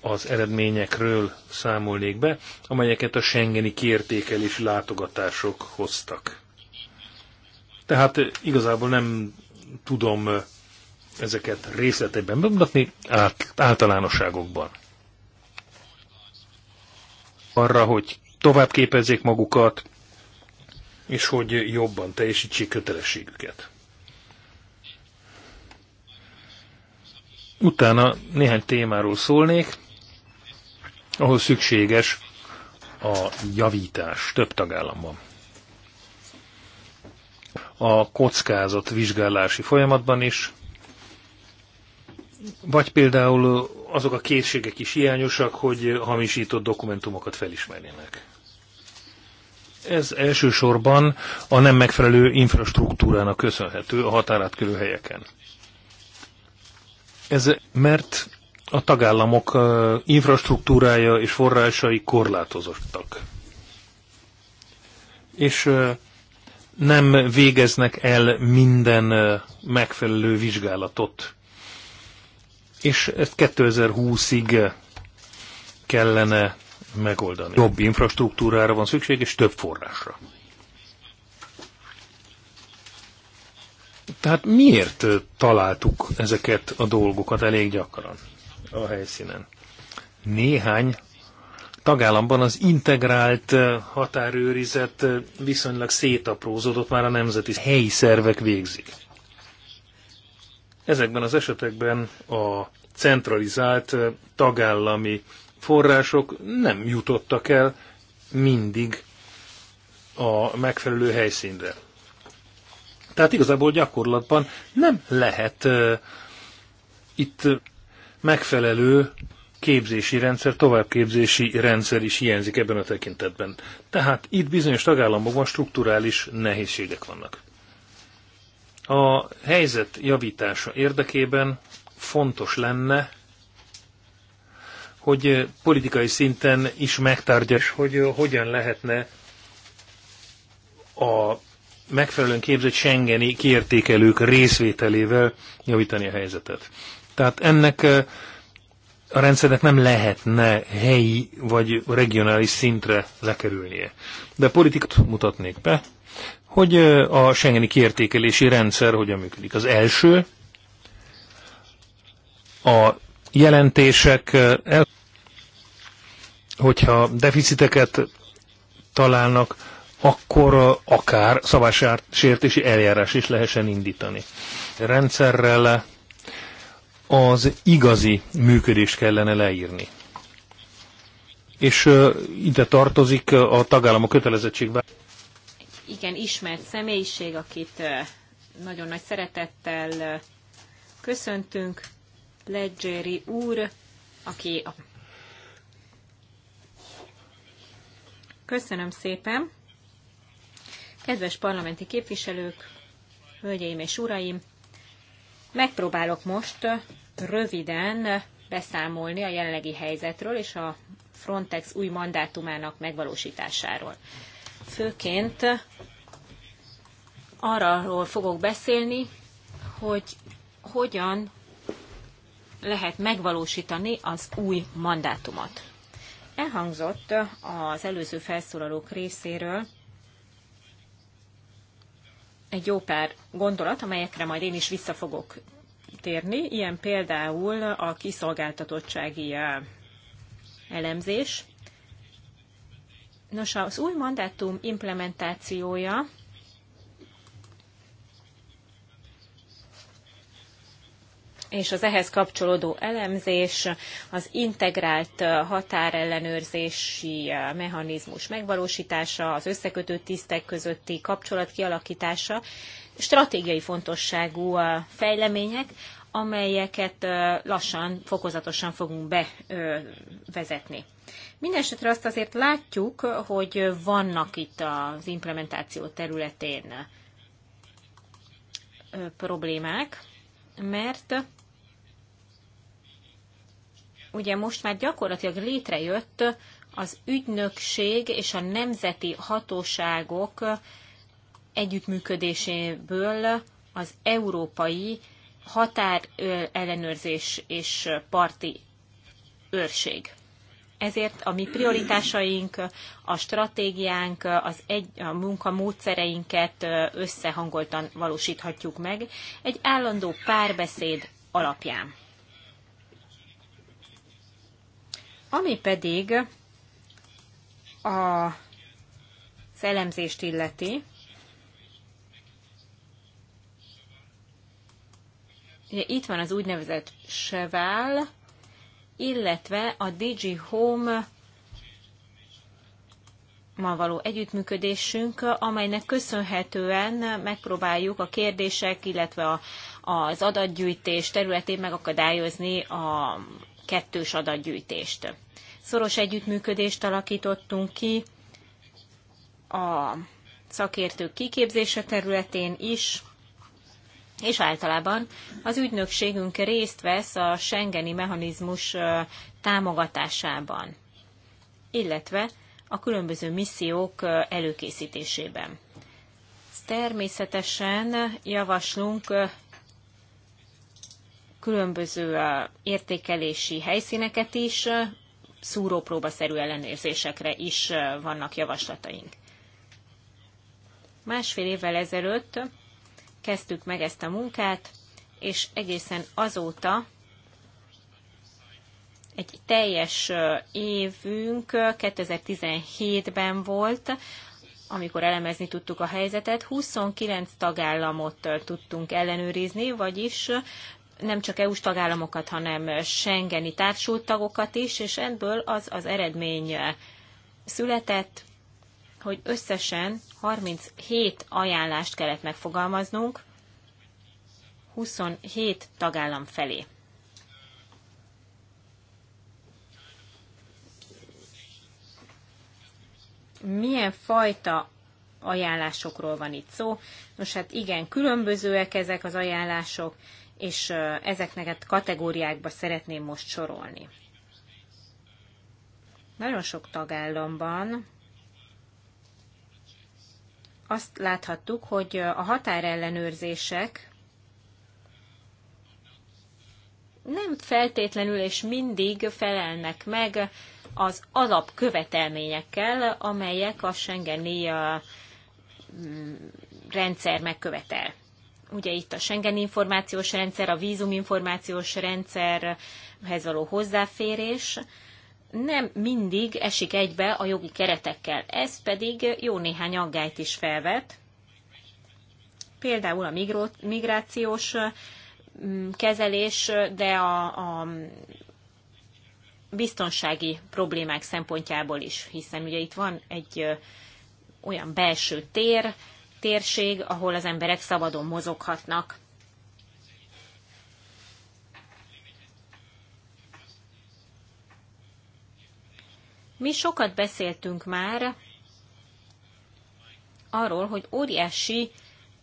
az eredményekről számolnék be, amelyeket a Schengeni kiértékelési látogatások hoztak. Tehát eh, igazából nem tudom eh, ezeket részleteiben bemutatni, általánosságokban. Arra, hogy tovább képezzék magukat, és hogy jobban teljesítsék kötelességüket. Utána néhány témáról szólnék, ahol szükséges a javítás több tagállamban. A kockázat vizsgálási folyamatban is, vagy például azok a készségek is hiányosak, hogy hamisított dokumentumokat felismerjenek. Ez elsősorban a nem megfelelő infrastruktúrának köszönhető a határátkörű helyeken. Ez mert a tagállamok infrastruktúrája és forrásai korlátozottak. És nem végeznek el minden megfelelő vizsgálatot. És ezt 2020-ig kellene megoldani. Jobb infrastruktúrára van szükség, és több forrásra. Tehát miért találtuk ezeket a dolgokat elég gyakran a helyszínen? Néhány tagállamban az integrált határőrizet viszonylag szétaprózódott, már a nemzeti helyi szervek végzik. Ezekben az esetekben a centralizált tagállami források nem jutottak el mindig a megfelelő helyszínre. Tehát igazából gyakorlatban nem lehet uh, itt megfelelő képzési rendszer, továbbképzési rendszer is hiányzik ebben a tekintetben. Tehát itt bizonyos tagállamokban strukturális nehézségek vannak. A helyzet javítása érdekében fontos lenne hogy eh, politikai szinten is és hogy eh, hogyan lehetne a megfelelően képzett Schengeni kiértékelők részvételével javítani a helyzetet. Tehát ennek eh, a rendszernek nem lehetne helyi vagy regionális szintre lekerülnie. De politikát mutatnék be, hogy a Schengeni kiértékelési rendszer hogyan működik. Az első, a jelentések el hogyha deficiteket találnak, akkor akár szabálysértési eljárás is lehessen indítani. Rendszerrel az igazi működést kellene leírni. És ide tartozik a tagállamok kötelezettségbe. Igen, ismert személyiség, akit nagyon nagy szeretettel köszöntünk. Ledgeri úr, aki a Köszönöm szépen! Kedves parlamenti képviselők, hölgyeim és uraim! Megpróbálok most röviden beszámolni a jelenlegi helyzetről és a Frontex új mandátumának megvalósításáról. Főként arról fogok beszélni, hogy hogyan lehet megvalósítani az új mandátumot. Elhangzott az előző felszólalók részéről egy jó pár gondolat, amelyekre majd én is vissza fogok térni. Ilyen például a kiszolgáltatottsági elemzés. Nos, az új mandátum implementációja és az ehhez kapcsolódó elemzés, az integrált határellenőrzési mechanizmus megvalósítása, az összekötő tisztek közötti kapcsolat kialakítása, stratégiai fontosságú fejlemények, amelyeket lassan, fokozatosan fogunk bevezetni. Mindenesetre azt azért látjuk, hogy vannak itt az implementáció területén problémák, mert ugye most már gyakorlatilag létrejött az ügynökség és a nemzeti hatóságok együttműködéséből az európai határellenőrzés és parti őrség. Ezért a mi prioritásaink, a stratégiánk, az egy, a munkamódszereinket összehangoltan valósíthatjuk meg egy állandó párbeszéd alapján. Ami pedig a az elemzést illeti, ugye itt van az úgynevezett Cheval, illetve a Digi Home ma való együttműködésünk, amelynek köszönhetően megpróbáljuk a kérdések, illetve a, az adatgyűjtés területén megakadályozni a kettős adatgyűjtést. Szoros együttműködést alakítottunk ki a szakértők kiképzése területén is, és általában az ügynökségünk részt vesz a Schengeni mechanizmus támogatásában, illetve a különböző missziók előkészítésében. Természetesen javaslunk különböző értékelési helyszíneket is, szúrópróbaszerű ellenőrzésekre is vannak javaslataink. Másfél évvel ezelőtt kezdtük meg ezt a munkát, és egészen azóta egy teljes évünk 2017-ben volt, amikor elemezni tudtuk a helyzetet, 29 tagállamot tudtunk ellenőrizni, vagyis nem csak EU-s tagállamokat, hanem Schengeni társult tagokat is, és ebből az az eredmény született, hogy összesen 37 ajánlást kellett megfogalmaznunk 27 tagállam felé. Milyen fajta ajánlásokról van itt szó? Nos, hát igen, különbözőek ezek az ajánlások, és ezeknek kategóriákba szeretném most sorolni. Nagyon sok tagállamban azt láthattuk, hogy a határellenőrzések nem feltétlenül és mindig felelnek meg az alapkövetelményekkel, amelyek a Schengeni rendszer megkövetel ugye itt a Schengen információs rendszer, a vízum információs rendszerhez való hozzáférés nem mindig esik egybe a jogi keretekkel. Ez pedig jó néhány aggályt is felvet. Például a migrációs mm, kezelés, de a, a biztonsági problémák szempontjából is, hiszen ugye itt van egy olyan belső tér, térség, ahol az emberek szabadon mozoghatnak. Mi sokat beszéltünk már arról, hogy óriási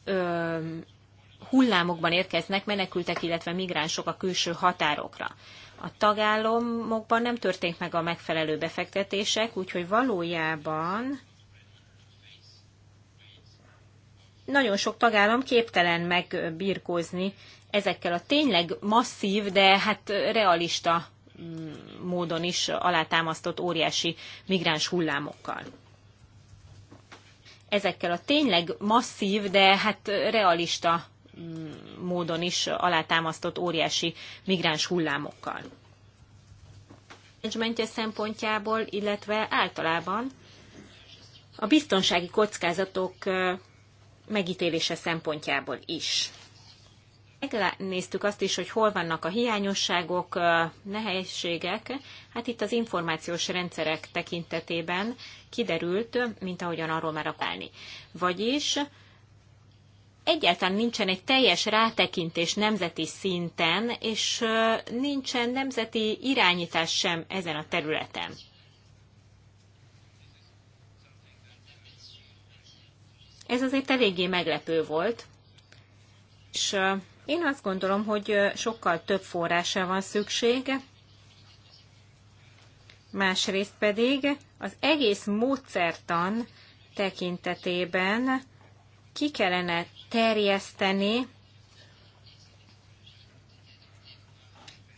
ö, hullámokban érkeznek menekültek, illetve migránsok a külső határokra. A tagállamokban nem történt meg a megfelelő befektetések, úgyhogy valójában nagyon sok tagállam képtelen megbirkózni ezekkel a tényleg masszív, de hát realista mm, módon is alátámasztott óriási migráns hullámokkal. Ezekkel a tényleg masszív, de hát realista mm, módon is alátámasztott óriási migráns hullámokkal. Menedzsmentje szempontjából, illetve általában a biztonsági kockázatok megítélése szempontjából is. Megnéztük azt is, hogy hol vannak a hiányosságok, nehézségek. Hát itt az információs rendszerek tekintetében kiderült, mint ahogyan arról már akálni. Vagyis egyáltalán nincsen egy teljes rátekintés nemzeti szinten, és nincsen nemzeti irányítás sem ezen a területen. Ez azért eléggé meglepő volt, és én azt gondolom, hogy sokkal több forrásra van szüksége, másrészt pedig az egész módszertan tekintetében ki kellene terjeszteni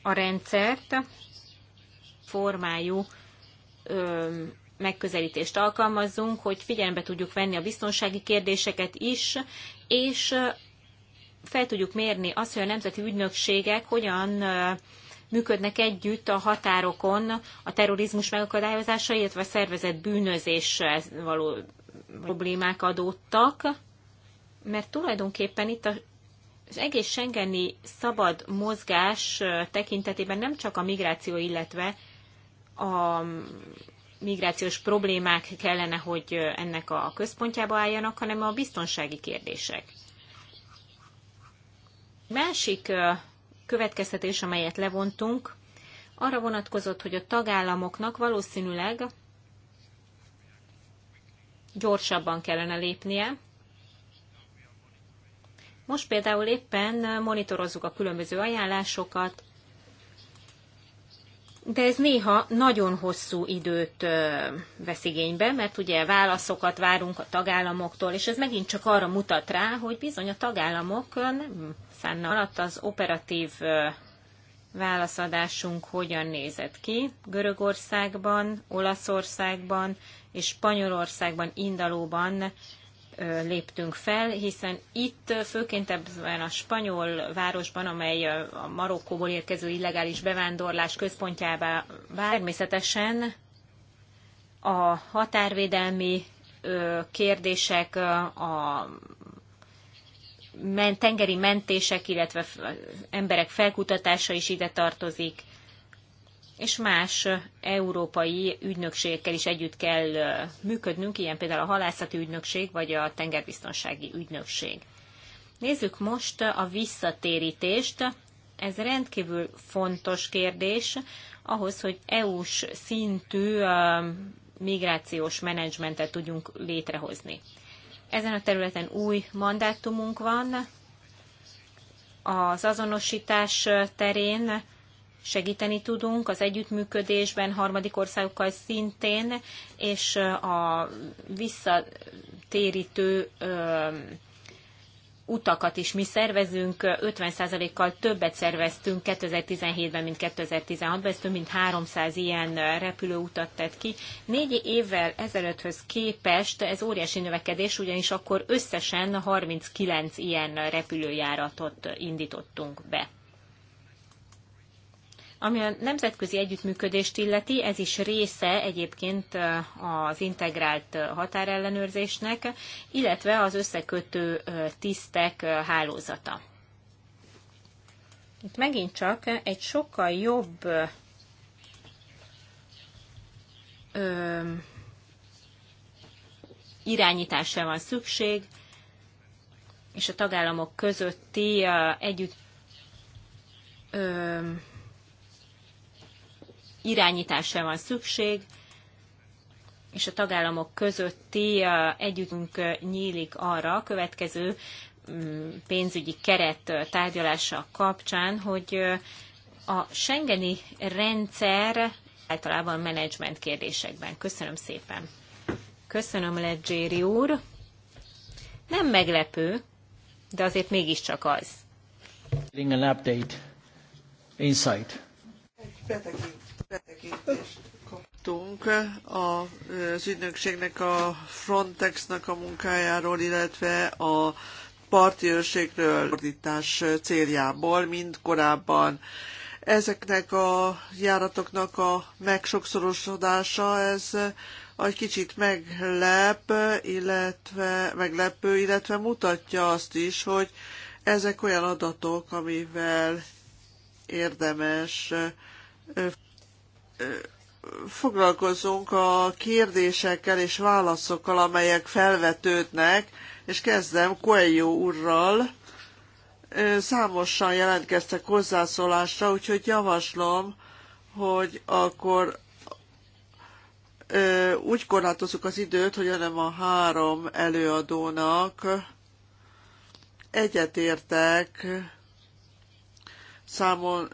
a rendszert formájú megközelítést alkalmazzunk, hogy figyelembe tudjuk venni a biztonsági kérdéseket is, és fel tudjuk mérni azt, hogy a nemzeti ügynökségek hogyan működnek együtt a határokon a terrorizmus megakadályozása, illetve a szervezett bűnözéssel való problémák adódtak, mert tulajdonképpen itt a az egész Schengeni szabad mozgás tekintetében nem csak a migráció, illetve a migrációs problémák kellene, hogy ennek a központjába álljanak, hanem a biztonsági kérdések. Másik következtetés, amelyet levontunk, arra vonatkozott, hogy a tagállamoknak valószínűleg gyorsabban kellene lépnie. Most például éppen monitorozzuk a különböző ajánlásokat, de ez néha nagyon hosszú időt vesz igénybe, mert ugye válaszokat várunk a tagállamoktól, és ez megint csak arra mutat rá, hogy bizony a tagállamok nem szánna alatt az operatív válaszadásunk hogyan nézett ki Görögországban, Olaszországban és Spanyolországban, Indalóban léptünk fel, hiszen itt főként ebben a spanyol városban, amely a Marokkóból érkező illegális bevándorlás központjába, vált, természetesen a határvédelmi kérdések, a tengeri mentések, illetve emberek felkutatása is ide tartozik, és más európai ügynökségekkel is együtt kell működnünk, ilyen például a halászati ügynökség vagy a tengerbiztonsági ügynökség. Nézzük most a visszatérítést. Ez rendkívül fontos kérdés ahhoz, hogy EU-s szintű migrációs menedzsmentet tudjunk létrehozni. Ezen a területen új mandátumunk van, az azonosítás terén segíteni tudunk az együttműködésben harmadik országokkal szintén, és a visszatérítő utakat is mi szervezünk, 50%-kal többet szerveztünk 2017-ben, mint 2016 ben ez több mint 300 ilyen repülőutat tett ki. Négy évvel ezelőtthöz képest ez óriási növekedés, ugyanis akkor összesen 39 ilyen repülőjáratot indítottunk be. Ami a nemzetközi együttműködést illeti, ez is része egyébként az integrált határellenőrzésnek, illetve az összekötő tisztek hálózata. Itt megint csak egy sokkal jobb ö, irányításra van szükség, és a tagállamok közötti együtt ö, irányításra van szükség, és a tagállamok közötti együttünk nyílik arra a következő mm, pénzügyi keret tárgyalása kapcsán, hogy a Schengeni rendszer általában menedzsment kérdésekben. Köszönöm szépen. Köszönöm, Leggeri úr. Nem meglepő, de azért mégiscsak az. An update, insight betekintést kaptunk az ügynökségnek, a Frontexnak a munkájáról, illetve a parti őrségről fordítás céljából, mint korábban. Ezeknek a járatoknak a megsokszorosodása, ez egy kicsit meglep, illetve meglepő, illetve mutatja azt is, hogy ezek olyan adatok, amivel érdemes foglalkozunk a kérdésekkel és válaszokkal, amelyek felvetődnek, és kezdem Coelho úrral. Számosan jelentkeztek hozzászólásra, úgyhogy javaslom, hogy akkor úgy korlátozunk az időt, hogy hanem a három előadónak egyetértek, Simon,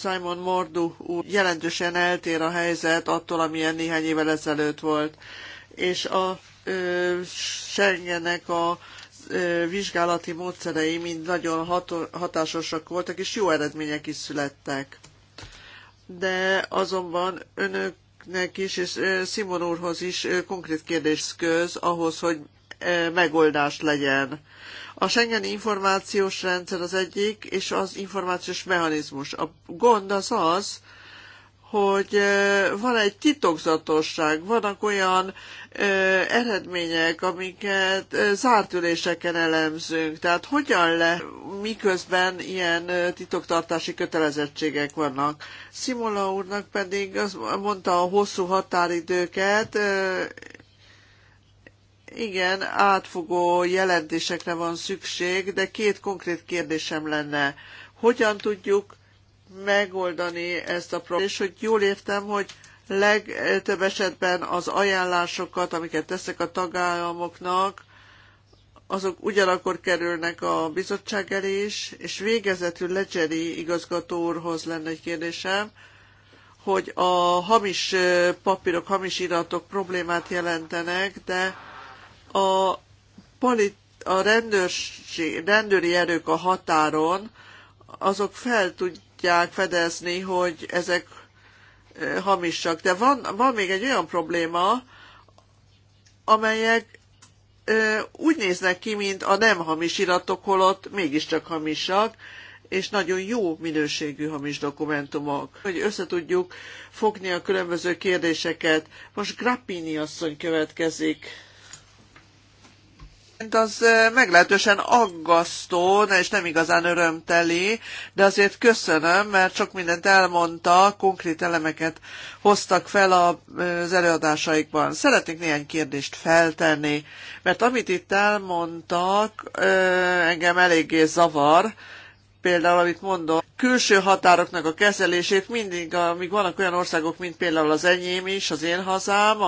Simon Mordu úr jelentősen eltér a helyzet attól, amilyen néhány évvel ezelőtt volt. És a Schengennek a vizsgálati módszerei mind nagyon hatásosak voltak, és jó eredmények is születtek. De azonban önöknek is, és Simon úrhoz is konkrét kérdés köz ahhoz, hogy megoldás legyen. A Schengeni információs rendszer az egyik, és az információs mechanizmus. A gond az az, hogy van egy titokzatosság, vannak olyan ö, eredmények, amiket zárt üléseken elemzünk. Tehát hogyan le, miközben ilyen titoktartási kötelezettségek vannak. Simola úrnak pedig azt mondta a hosszú határidőket, ö, igen, átfogó jelentésekre van szükség, de két konkrét kérdésem lenne. Hogyan tudjuk megoldani ezt a problémát? És hogy jól értem, hogy legtöbb esetben az ajánlásokat, amiket teszek a tagállamoknak, azok ugyanakkor kerülnek a bizottság elé is, és végezetül Lecseri igazgató úrhoz lenne egy kérdésem, hogy a hamis papírok, hamis iratok problémát jelentenek, de a, polit, a rendőrség, rendőri erők a határon, azok fel tudják fedezni, hogy ezek hamisak. De van, van még egy olyan probléma, amelyek úgy néznek ki, mint a nem hamis iratok, holott mégiscsak hamisak, és nagyon jó minőségű hamis dokumentumok. Hogy összetudjuk fogni a különböző kérdéseket. Most Grappini asszony következik az meglehetősen aggasztó, és nem igazán örömteli, de azért köszönöm, mert sok mindent elmondta, konkrét elemeket hoztak fel az előadásaikban. Szeretnék néhány kérdést feltenni, mert amit itt elmondtak, engem eléggé zavar, például amit mondott, külső határoknak a kezelését mindig, amíg vannak olyan országok, mint például az enyém is, az én hazám,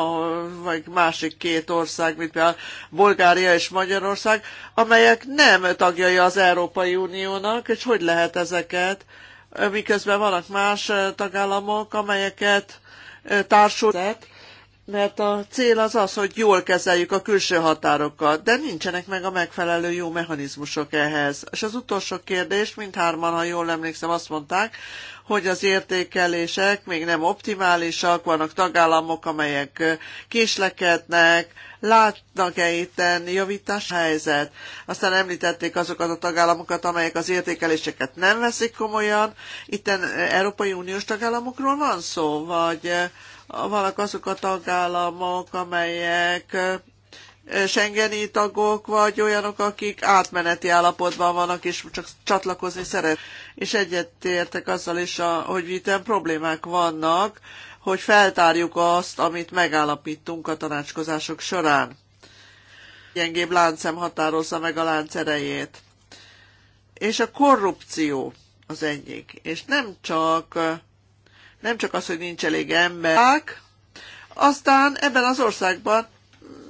vagy másik két ország, mint például Bulgária és Magyarország, amelyek nem tagjai az Európai Uniónak, és hogy lehet ezeket, miközben vannak más tagállamok, amelyeket társulat, mert a cél az az, hogy jól kezeljük a külső határokat, de nincsenek meg a megfelelő jó mechanizmusok ehhez. És az utolsó kérdés, mindhárman, ha jól emlékszem, azt mondták, hogy az értékelések még nem optimálisak, vannak tagállamok, amelyek késlekednek, látnak-e itten javítás helyzet. Aztán említették azokat a tagállamokat, amelyek az értékeléseket nem veszik komolyan. Itten Európai Uniós tagállamokról van szó, vagy vannak azok a tagállamok, amelyek Schengeni tagok, vagy olyanok, akik átmeneti állapotban vannak, és csak csatlakozni szeret. És egyetértek azzal is, hogy itt problémák vannak, hogy feltárjuk azt, amit megállapítunk a tanácskozások során. Gyengébb láncem határozza meg a lánc erejét. És a korrupció az egyik. És nem csak nem csak az, hogy nincs elég ember, aztán ebben az országban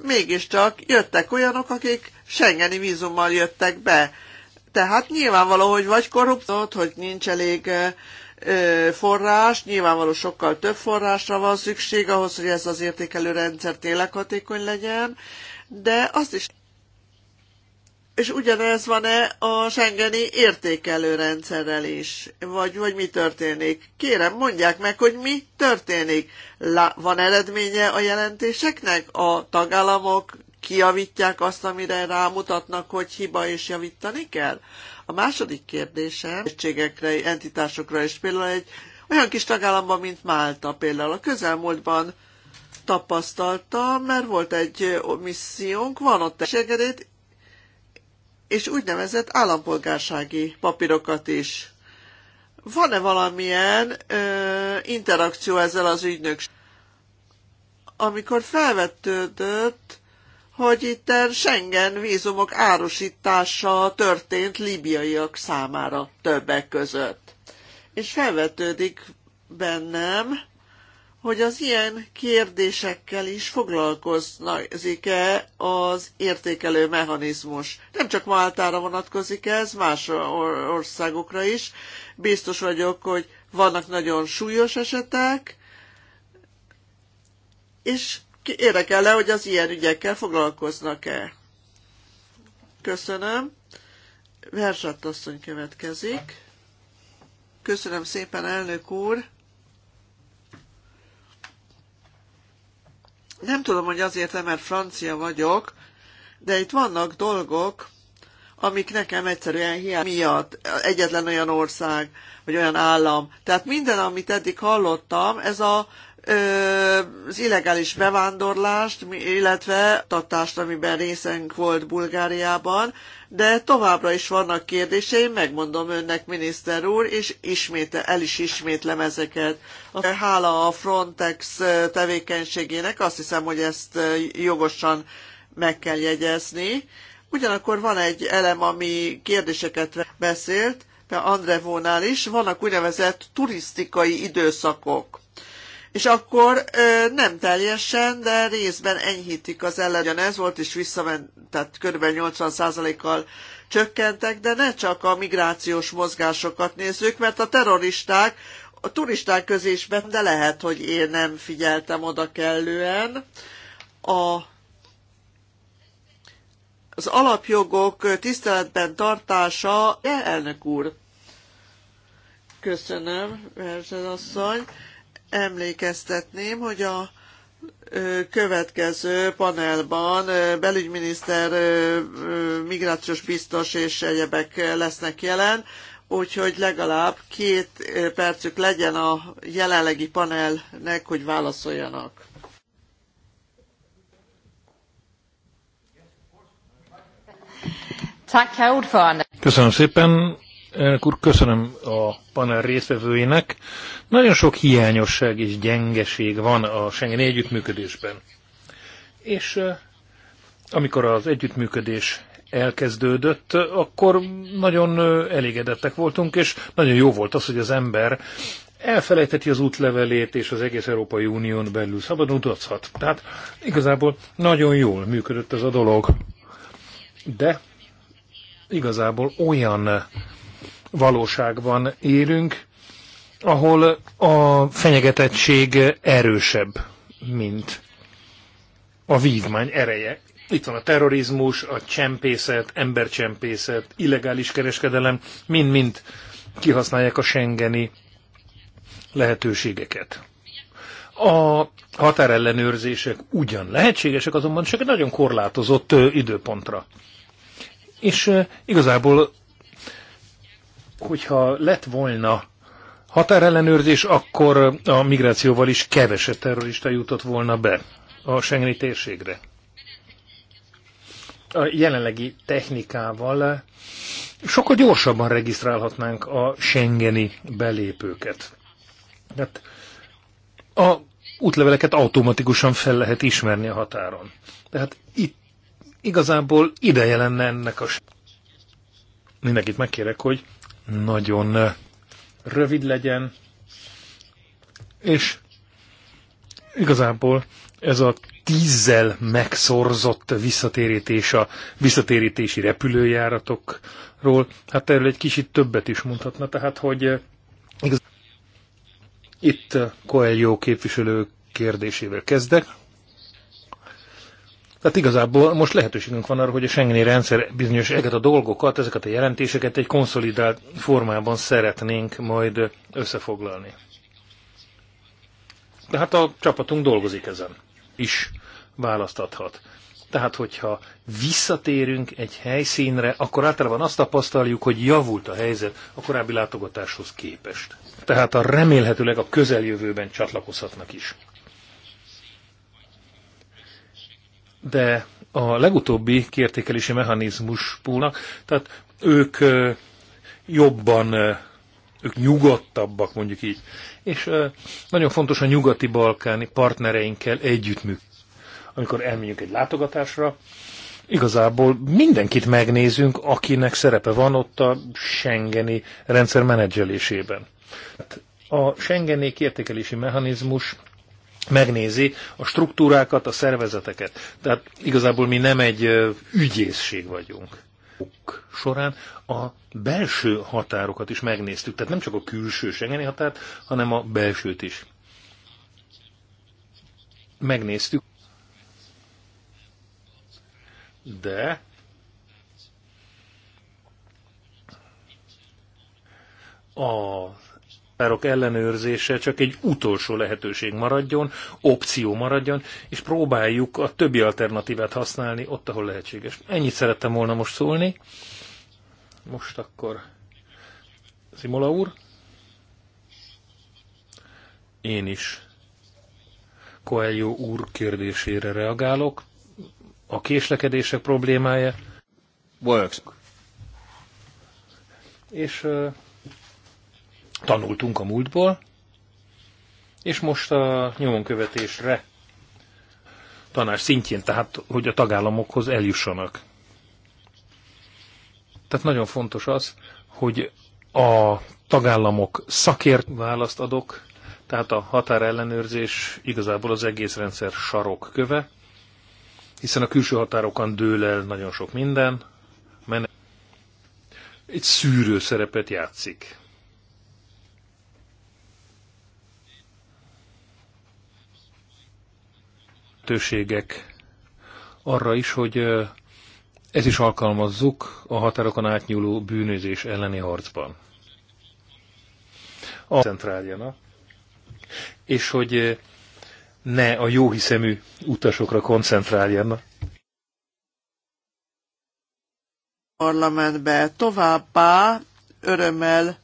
mégiscsak jöttek olyanok, akik Schengeni vízummal jöttek be. Tehát nyilvánvaló, hogy vagy korrupciót, hogy nincs elég forrás, nyilvánvaló sokkal több forrásra van szükség ahhoz, hogy ez az értékelő rendszer tényleg hatékony legyen, de azt is és ugyanez van-e a Schengeni értékelő rendszerrel is? Vagy, vagy mi történik? Kérem, mondják meg, hogy mi történik. La, van eredménye a jelentéseknek? A tagállamok kiavítják azt, amire rámutatnak, hogy hiba és javítani kell? A második kérdésem, egységekre, entitásokra is például egy olyan kis tagállamban, mint Málta például a közelmúltban tapasztaltam, mert volt egy missziónk, van ott egy és úgynevezett állampolgársági papírokat is. Van-e valamilyen ö, interakció ezzel az ügynök? Amikor felvetődött, hogy itt Schengen vízumok árusítása történt libiaiak számára többek között. És felvetődik bennem, hogy az ilyen kérdésekkel is foglalkoznak-e az értékelő mechanizmus. Nem csak Máltára vonatkozik ez, más országokra is. Biztos vagyok, hogy vannak nagyon súlyos esetek, és érdekelne, hogy az ilyen ügyekkel foglalkoznak-e. Köszönöm. Verzsatt asszony következik. Köszönöm szépen, elnök úr. Nem tudom, hogy azért, mert francia vagyok, de itt vannak dolgok, amik nekem egyszerűen hiány miatt egyetlen olyan ország, vagy olyan állam. Tehát minden, amit eddig hallottam, ez a az illegális bevándorlást, illetve tartást, amiben részünk volt Bulgáriában, de továbbra is vannak kérdéseim, megmondom önnek, miniszter úr, és ismét, el is ismétlem ezeket. Hála a Frontex tevékenységének, azt hiszem, hogy ezt jogosan meg kell jegyezni, Ugyanakkor van egy elem, ami kérdéseket beszélt, Andrevónál is, vannak úgynevezett turisztikai időszakok. És akkor ö, nem teljesen, de részben enyhítik az ellen. Ez volt, és visszament, tehát kb. 80%-kal csökkentek, de ne csak a migrációs mozgásokat nézzük, mert a terroristák a turisták közésben, de lehet, hogy én nem figyeltem oda kellően. A az alapjogok tiszteletben tartása, elnök úr. Köszönöm, Verzen asszony. Emlékeztetném, hogy a következő panelban belügyminiszter, migrációs biztos és egyebek lesznek jelen, úgyhogy legalább két percük legyen a jelenlegi panelnek, hogy válaszoljanak. Köszönöm szépen, elnök úr, köszönöm a panel résztvevőinek. Nagyon sok hiányosság és gyengeség van a Schengen együttműködésben. És eh, amikor az együttműködés elkezdődött, akkor nagyon eh, elégedettek voltunk, és nagyon jó volt az, hogy az ember elfelejtheti az útlevelét, és az egész Európai Unión belül szabadon utazhat. Tehát igazából nagyon jól működött ez a dolog. De igazából olyan valóságban élünk, ahol a fenyegetettség erősebb, mint a vívmány ereje. Itt van a terrorizmus, a csempészet, embercsempészet, illegális kereskedelem, mind-mind kihasználják a Schengeni lehetőségeket. A határellenőrzések ugyan lehetségesek, azonban csak egy nagyon korlátozott időpontra. És igazából, hogyha lett volna határellenőrzés, akkor a migrációval is kevesebb terrorista jutott volna be a Schengeni térségre. A jelenlegi technikával sokkal gyorsabban regisztrálhatnánk a Schengeni belépőket. Hát a útleveleket automatikusan fel lehet ismerni a határon. Tehát Igazából ideje lenne ennek a... Mindenkit megkérek, hogy nagyon rövid legyen, és igazából ez a tízzel megszorzott visszatérítés a visszatérítési repülőjáratokról, hát erről egy kicsit többet is mondhatna, tehát hogy itt Coelho képviselő kérdésével kezdek. Tehát igazából most lehetőségünk van arra, hogy a Schengeni rendszer bizonyos ezeket a dolgokat, ezeket a jelentéseket egy konszolidált formában szeretnénk majd összefoglalni. Tehát a csapatunk dolgozik ezen is választathat. Tehát, hogyha visszatérünk egy helyszínre, akkor általában azt tapasztaljuk, hogy javult a helyzet a korábbi látogatáshoz képest. Tehát a remélhetőleg a közeljövőben csatlakozhatnak is. de a legutóbbi mechanizmus púlnak, tehát ők jobban, ők nyugodtabbak, mondjuk így. És nagyon fontos a nyugati-balkáni partnereinkkel együttműködni. Amikor elmegyünk egy látogatásra, igazából mindenkit megnézünk, akinek szerepe van ott a Schengeni rendszer menedzselésében. Hát a Schengeni kértékelési mechanizmus megnézi a struktúrákat, a szervezeteket. Tehát igazából mi nem egy ügyészség vagyunk. Során a belső határokat is megnéztük, tehát nem csak a külső Schengeni határt, hanem a belsőt is. Megnéztük. De a határok ellenőrzése csak egy utolsó lehetőség maradjon, opció maradjon, és próbáljuk a többi alternatívát használni ott, ahol lehetséges. Ennyit szerettem volna most szólni. Most akkor Simola úr. Én is Coelho úr kérdésére reagálok. A késlekedések problémája. Works. És uh, tanultunk a múltból, és most a nyomonkövetésre tanás szintjén, tehát hogy a tagállamokhoz eljussanak. Tehát nagyon fontos az, hogy a tagállamok szakért választ adok, tehát a határellenőrzés igazából az egész rendszer sarokköve, hiszen a külső határokon dől el nagyon sok minden, mert egy szűrő szerepet játszik. lehetőségek arra is, hogy ez is alkalmazzuk a határokon átnyúló bűnözés elleni harcban. A centráljana, és hogy ne a jóhiszemű utasokra koncentráljana. Parlamentbe továbbá örömmel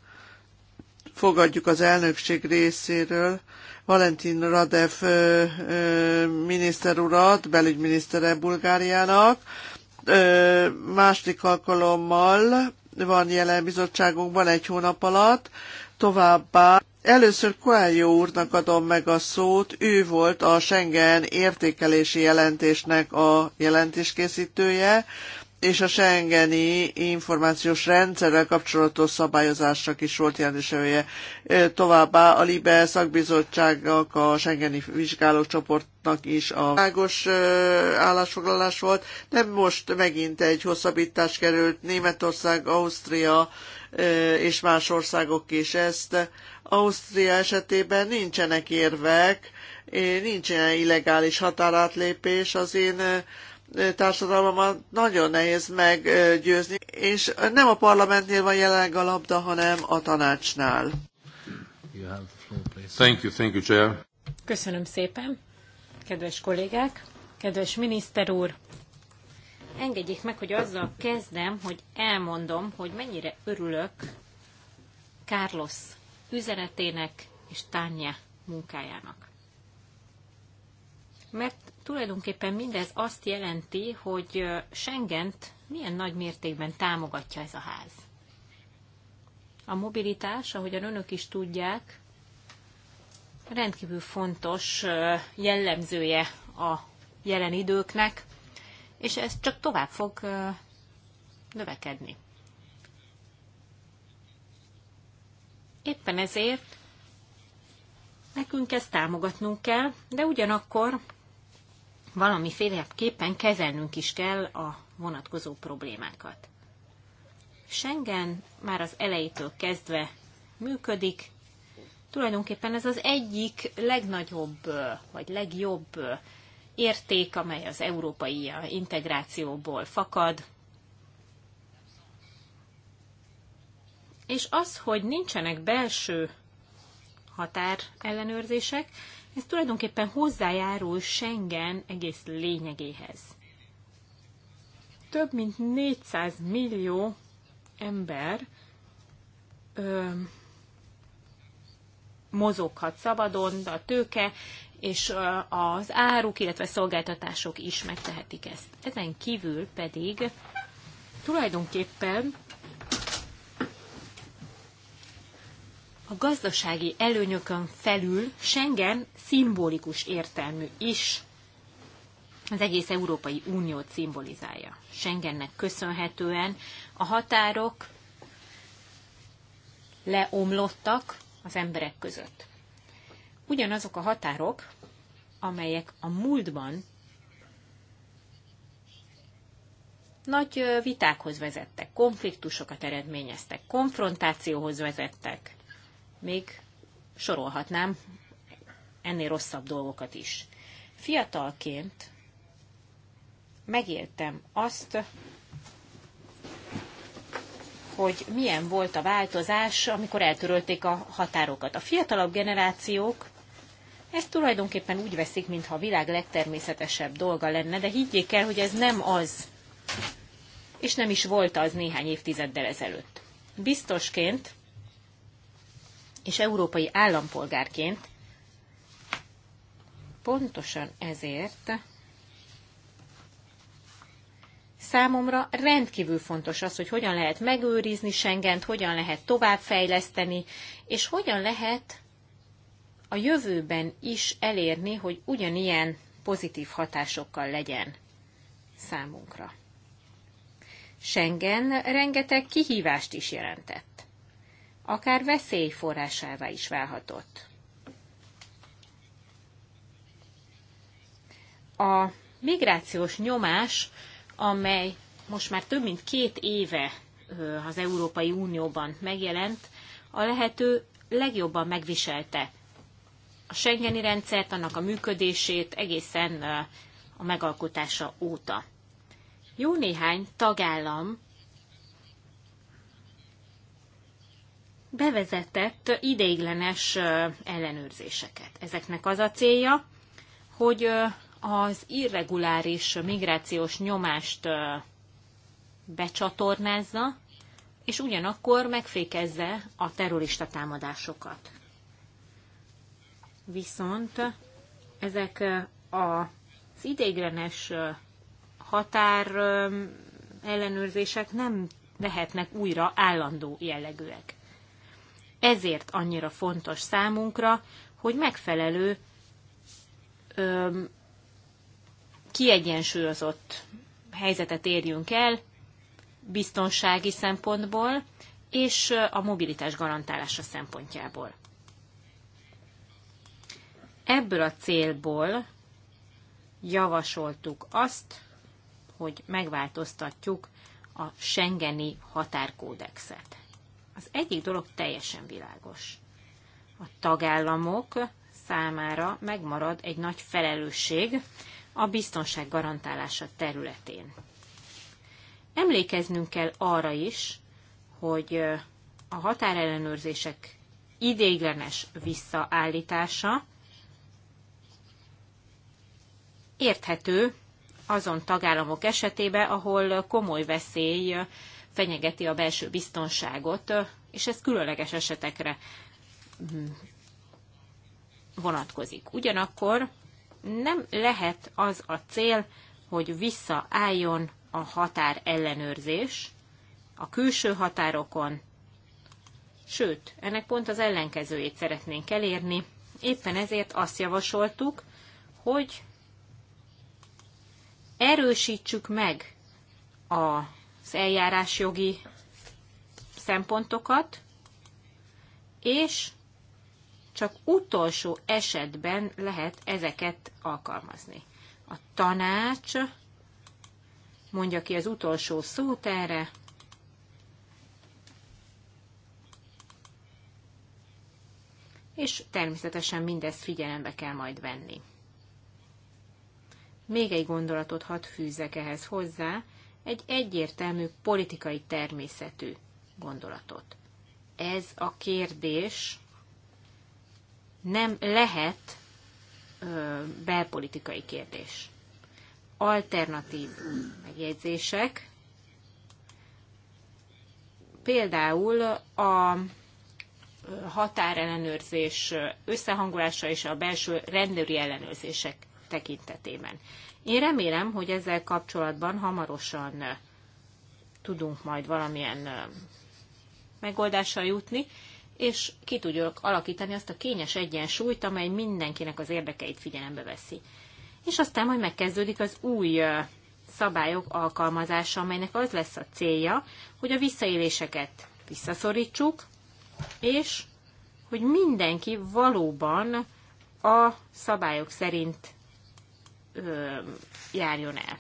fogadjuk az elnökség részéről Valentin Radev miniszter urat, belügyminisztere Bulgáriának. Második alkalommal van jelen bizottságunkban egy hónap alatt, továbbá Először Coelho úrnak adom meg a szót, ő volt a Schengen értékelési jelentésnek a jelentéskészítője, és a Schengeni információs rendszerrel kapcsolatos szabályozásnak is volt jelentősége. Továbbá a LIBE szakbizottságnak, a Schengeni vizsgálócsoportnak is a világos állásfoglalás volt, de most megint egy hosszabbítás került Németország, Ausztria és más országok is ezt. Ausztria esetében nincsenek érvek, nincsen illegális határátlépés, az én társadalmamat nagyon nehéz meggyőzni, és nem a parlamentnél van jelenleg a labda, hanem a tanácsnál. Thank you, thank you, Chair. Köszönöm szépen, kedves kollégák, kedves miniszter úr. Engedjék meg, hogy azzal kezdem, hogy elmondom, hogy mennyire örülök Carlos üzenetének és Tánja munkájának. Mert tulajdonképpen mindez azt jelenti, hogy Schengent milyen nagy mértékben támogatja ez a ház. A mobilitás, ahogyan önök is tudják, rendkívül fontos jellemzője a jelen időknek, és ez csak tovább fog növekedni. Éppen ezért nekünk ezt támogatnunk kell, de ugyanakkor valamiféleképpen kezelnünk is kell a vonatkozó problémákat. Schengen már az elejétől kezdve működik. Tulajdonképpen ez az egyik legnagyobb, vagy legjobb érték, amely az európai integrációból fakad. És az, hogy nincsenek belső határellenőrzések, ez tulajdonképpen hozzájárul Schengen egész lényegéhez. Több mint 400 millió ember ö, mozoghat szabadon, de a tőke és az áruk, illetve szolgáltatások is megtehetik ezt. Ezen kívül pedig tulajdonképpen a gazdasági előnyökön felül Schengen szimbolikus értelmű is. Az egész Európai Uniót szimbolizálja. Schengennek köszönhetően a határok leomlottak az emberek között. Ugyanazok a határok, amelyek a múltban nagy vitákhoz vezettek, konfliktusokat eredményeztek, konfrontációhoz vezettek, még sorolhatnám ennél rosszabb dolgokat is. Fiatalként megéltem azt, hogy milyen volt a változás, amikor eltörölték a határokat. A fiatalabb generációk ezt tulajdonképpen úgy veszik, mintha a világ legtermészetesebb dolga lenne, de higgyék el, hogy ez nem az, és nem is volt az néhány évtizeddel ezelőtt. Biztosként és európai állampolgárként pontosan ezért számomra rendkívül fontos az, hogy hogyan lehet megőrizni Schengent, hogyan lehet továbbfejleszteni, és hogyan lehet a jövőben is elérni, hogy ugyanilyen pozitív hatásokkal legyen számunkra. Schengen rengeteg kihívást is jelentett akár forrásává is válhatott. A migrációs nyomás, amely most már több mint két éve az Európai Unióban megjelent, a lehető legjobban megviselte a Schengeni rendszert, annak a működését egészen a megalkotása óta. Jó néhány tagállam bevezetett ideiglenes ellenőrzéseket. Ezeknek az a célja, hogy az irreguláris migrációs nyomást becsatornázza, és ugyanakkor megfékezze a terrorista támadásokat. Viszont ezek az ideiglenes határ ellenőrzések nem lehetnek újra állandó jellegűek ezért annyira fontos számunkra, hogy megfelelő öm, kiegyensúlyozott helyzetet érjünk el biztonsági szempontból és a mobilitás garantálása szempontjából. Ebből a célból javasoltuk azt, hogy megváltoztatjuk a Schengeni határkódexet. Az egyik dolog teljesen világos. A tagállamok számára megmarad egy nagy felelősség a biztonság garantálása területén. Emlékeznünk kell arra is, hogy a határellenőrzések idéglenes visszaállítása érthető azon tagállamok esetében, ahol komoly veszély fenyegeti a belső biztonságot, és ez különleges esetekre mhm, vonatkozik. Ugyanakkor nem lehet az a cél, hogy visszaálljon a határ ellenőrzés a külső határokon, sőt, ennek pont az ellenkezőjét szeretnénk elérni. Éppen ezért azt javasoltuk, hogy erősítsük meg a az eljárásjogi szempontokat, és csak utolsó esetben lehet ezeket alkalmazni. A tanács mondja ki az utolsó szót erre, és természetesen mindezt figyelembe kell majd venni. Még egy gondolatot hadd fűzzek ehhez hozzá, egy egyértelmű politikai természetű gondolatot. Ez a kérdés nem lehet ö, belpolitikai kérdés. Alternatív megjegyzések, például a határellenőrzés összehangolása és a belső rendőri ellenőrzések tekintetében. Én remélem, hogy ezzel kapcsolatban hamarosan tudunk majd valamilyen megoldással jutni, és ki tudjuk alakítani azt a kényes egyensúlyt, amely mindenkinek az érdekeit figyelembe veszi. És aztán majd megkezdődik az új szabályok alkalmazása, amelynek az lesz a célja, hogy a visszaéléseket visszaszorítsuk, és hogy mindenki valóban a szabályok szerint ö, járjon el.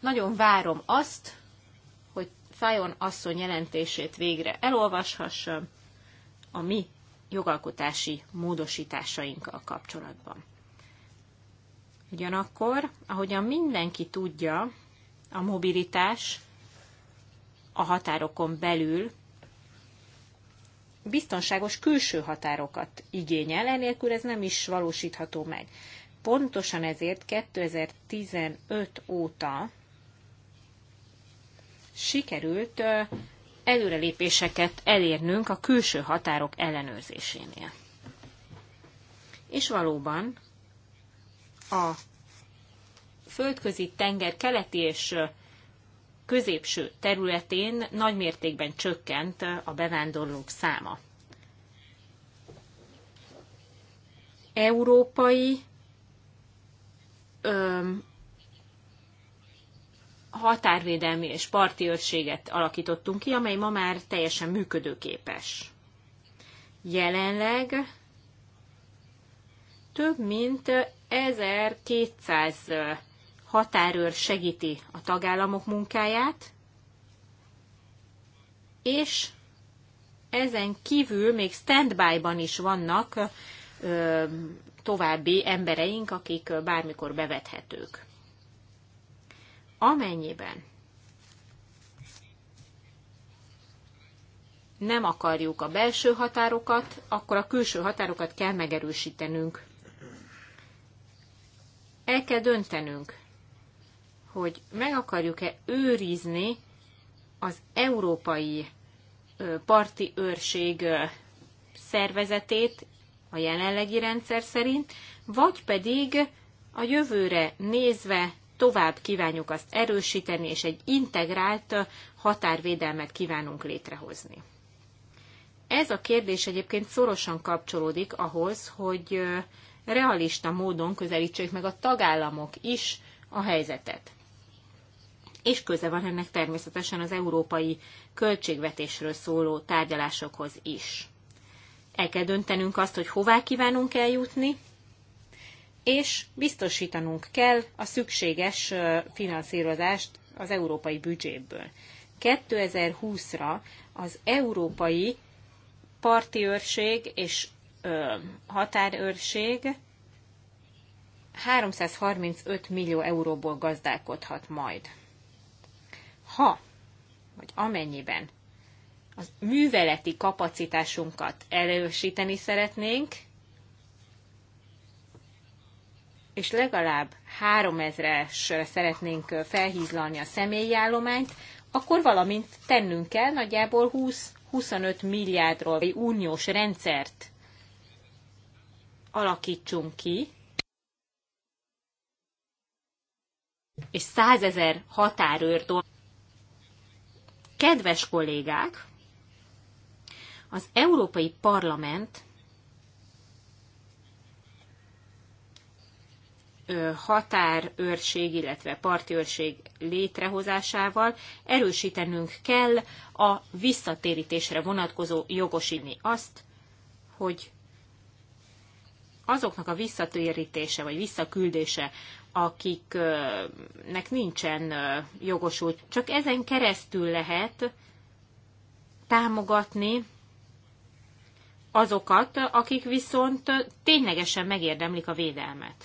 Nagyon várom azt, hogy Fajon asszony jelentését végre elolvashassam a mi jogalkotási módosításainkkal kapcsolatban. Ugyanakkor, ahogyan mindenki tudja, a mobilitás a határokon belül biztonságos külső határokat igényel, enélkül ez nem is valósítható meg. Pontosan ezért 2015 óta sikerült előrelépéseket elérnünk a külső határok ellenőrzésénél. És valóban a földközi tenger keleti és középső területén nagymértékben csökkent a bevándorlók száma. Európai öm, határvédelmi és parti őrséget alakítottunk ki, amely ma már teljesen működőképes. Jelenleg több mint 1200 határőr segíti a tagállamok munkáját, és ezen kívül még standby-ban is vannak további embereink, akik bármikor bevethetők. Amennyiben nem akarjuk a belső határokat, akkor a külső határokat kell megerősítenünk. El kell döntenünk, hogy meg akarjuk-e őrizni az európai parti őrség szervezetét, a jelenlegi rendszer szerint, vagy pedig a jövőre nézve tovább kívánjuk azt erősíteni, és egy integrált határvédelmet kívánunk létrehozni. Ez a kérdés egyébként szorosan kapcsolódik ahhoz, hogy realista módon közelítsék meg a tagállamok is a helyzetet. És köze van ennek természetesen az európai költségvetésről szóló tárgyalásokhoz is el kell döntenünk azt, hogy hová kívánunk eljutni, és biztosítanunk kell a szükséges finanszírozást az európai büdzséből. 2020-ra az európai parti őrség és ö, határőrség 335 millió euróból gazdálkodhat majd. Ha, vagy amennyiben a műveleti kapacitásunkat erősíteni szeretnénk, és legalább 3000 szeretnénk felhízlalni a személyállományt, akkor valamint tennünk kell nagyjából 20-25 milliárdról egy uniós rendszert alakítsunk ki, és százezer határőrtől. Kedves kollégák, az Európai Parlament határőrség, illetve parti őrség létrehozásával erősítenünk kell a visszatérítésre vonatkozó jogosítni azt, hogy azoknak a visszatérítése vagy visszaküldése, akiknek nincsen jogosult, csak ezen keresztül lehet támogatni azokat, akik viszont ténylegesen megérdemlik a védelmet.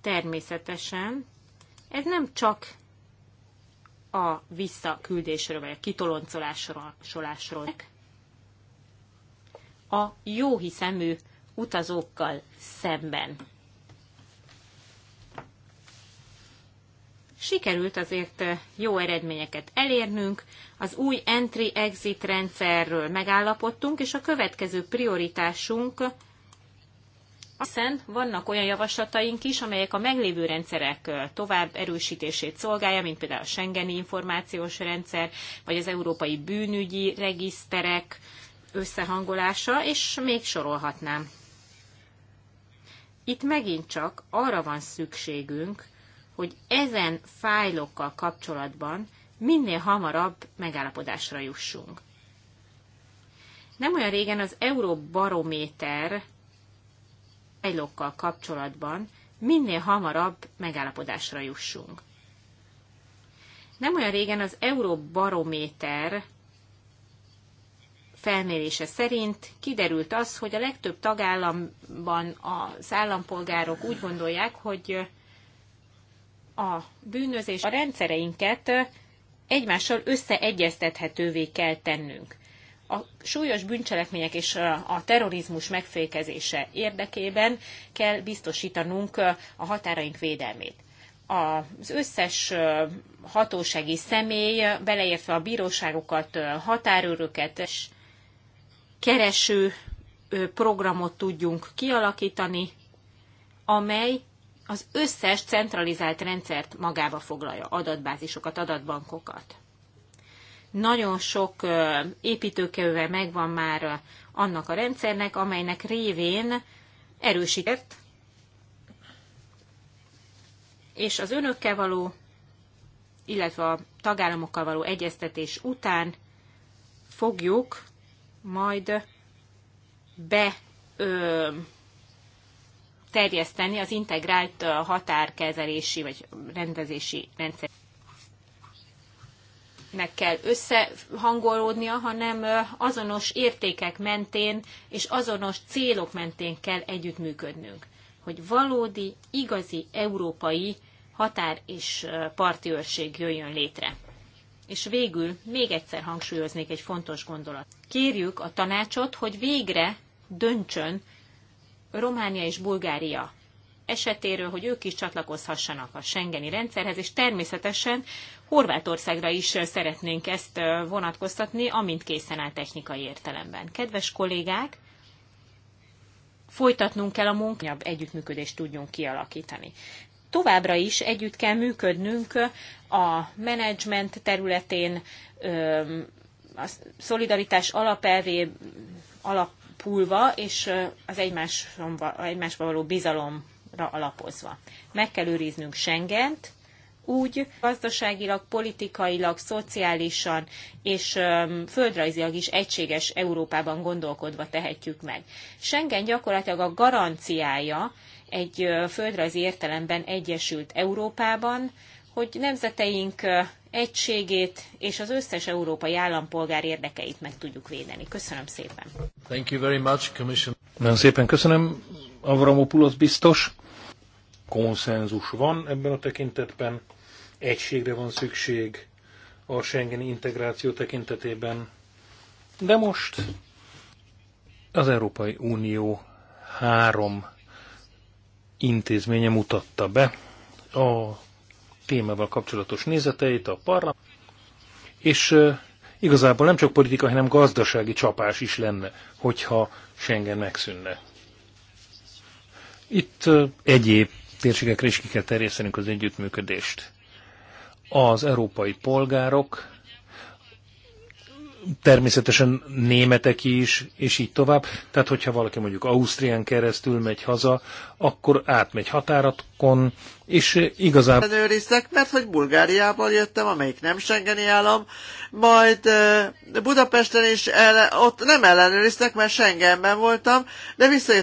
Természetesen ez nem csak a visszaküldésről vagy a kitoloncolásról, a jóhiszemű utazókkal szemben sikerült azért eh, jó eredményeket elérnünk, az új entry-exit rendszerről megállapodtunk, és a következő prioritásunk hiszen vannak olyan javaslataink is, amelyek a meglévő rendszerek eh, tovább erősítését szolgálja, mint például a Schengeni információs rendszer, vagy az európai bűnügyi regiszterek összehangolása, és még sorolhatnám. Itt megint csak arra van szükségünk, hogy ezen fájlokkal kapcsolatban minél hamarabb megállapodásra jussunk. Nem olyan régen az Euróbarométer fájlokkal kapcsolatban minél hamarabb megállapodásra jussunk. Nem olyan régen az Euróbarométer felmérése szerint kiderült az, hogy a legtöbb tagállamban az állampolgárok úgy gondolják, hogy a bűnözés, a rendszereinket egymással összeegyeztethetővé kell tennünk. A súlyos bűncselekmények és a terrorizmus megfékezése érdekében kell biztosítanunk a határaink védelmét. Az összes hatósági személy, beleértve a bíróságokat, határőröket és kereső programot tudjunk kialakítani, amely az összes centralizált rendszert magába foglalja, adatbázisokat, adatbankokat. Nagyon sok építőkeővel megvan már annak a rendszernek, amelynek révén erősített, és az önökkel való, illetve a tagállamokkal való egyeztetés után fogjuk majd be ö, terjeszteni az integrált határkezelési vagy rendezési rendszer nek kell összehangolódnia, hanem azonos értékek mentén és azonos célok mentén kell együttműködnünk, hogy valódi, igazi európai határ és parti őrség jöjjön létre. És végül még egyszer hangsúlyoznék egy fontos gondolat. Kérjük a tanácsot, hogy végre döntsön Románia és Bulgária esetéről, hogy ők is csatlakozhassanak a Schengeni rendszerhez, és természetesen Horvátországra is szeretnénk ezt vonatkoztatni, amint készen áll technikai értelemben. Kedves kollégák, folytatnunk kell a munkább együttműködést tudjunk kialakítani. Továbbra is együtt kell működnünk a menedzsment területén, a szolidaritás alapelvé, alap pulva és az egymásba való bizalomra alapozva. Meg kell őriznünk Schengent, úgy gazdaságilag, politikailag, szociálisan és földrajzilag is egységes Európában gondolkodva tehetjük meg. Schengen gyakorlatilag a garanciája egy földrajzi értelemben egyesült Európában, hogy nemzeteink egységét és az összes európai állampolgár érdekeit meg tudjuk védeni. Köszönöm szépen. Thank you very much, Commission. Nagyon szépen köszönöm, Avramopoulos biztos. Konszenzus van ebben a tekintetben, egységre van szükség a Schengeni integráció tekintetében. De most az Európai Unió három intézménye mutatta be a témával kapcsolatos nézeteit a parlament, és igazából nem csak politika, hanem gazdasági csapás is lenne, hogyha Schengen megszűnne. Itt egyéb térségekre is ki kell terjesztenünk az együttműködést. Az európai polgárok természetesen németek is, és így tovább. Tehát, hogyha valaki mondjuk Ausztrián keresztül megy haza, akkor átmegy határatkon, és igazából... Őriztek, mert hogy Bulgáriából jöttem, amelyik nem Schengeni állam, majd Budapesten is ele, ott nem ellenőriztek, mert Schengenben voltam, de vissza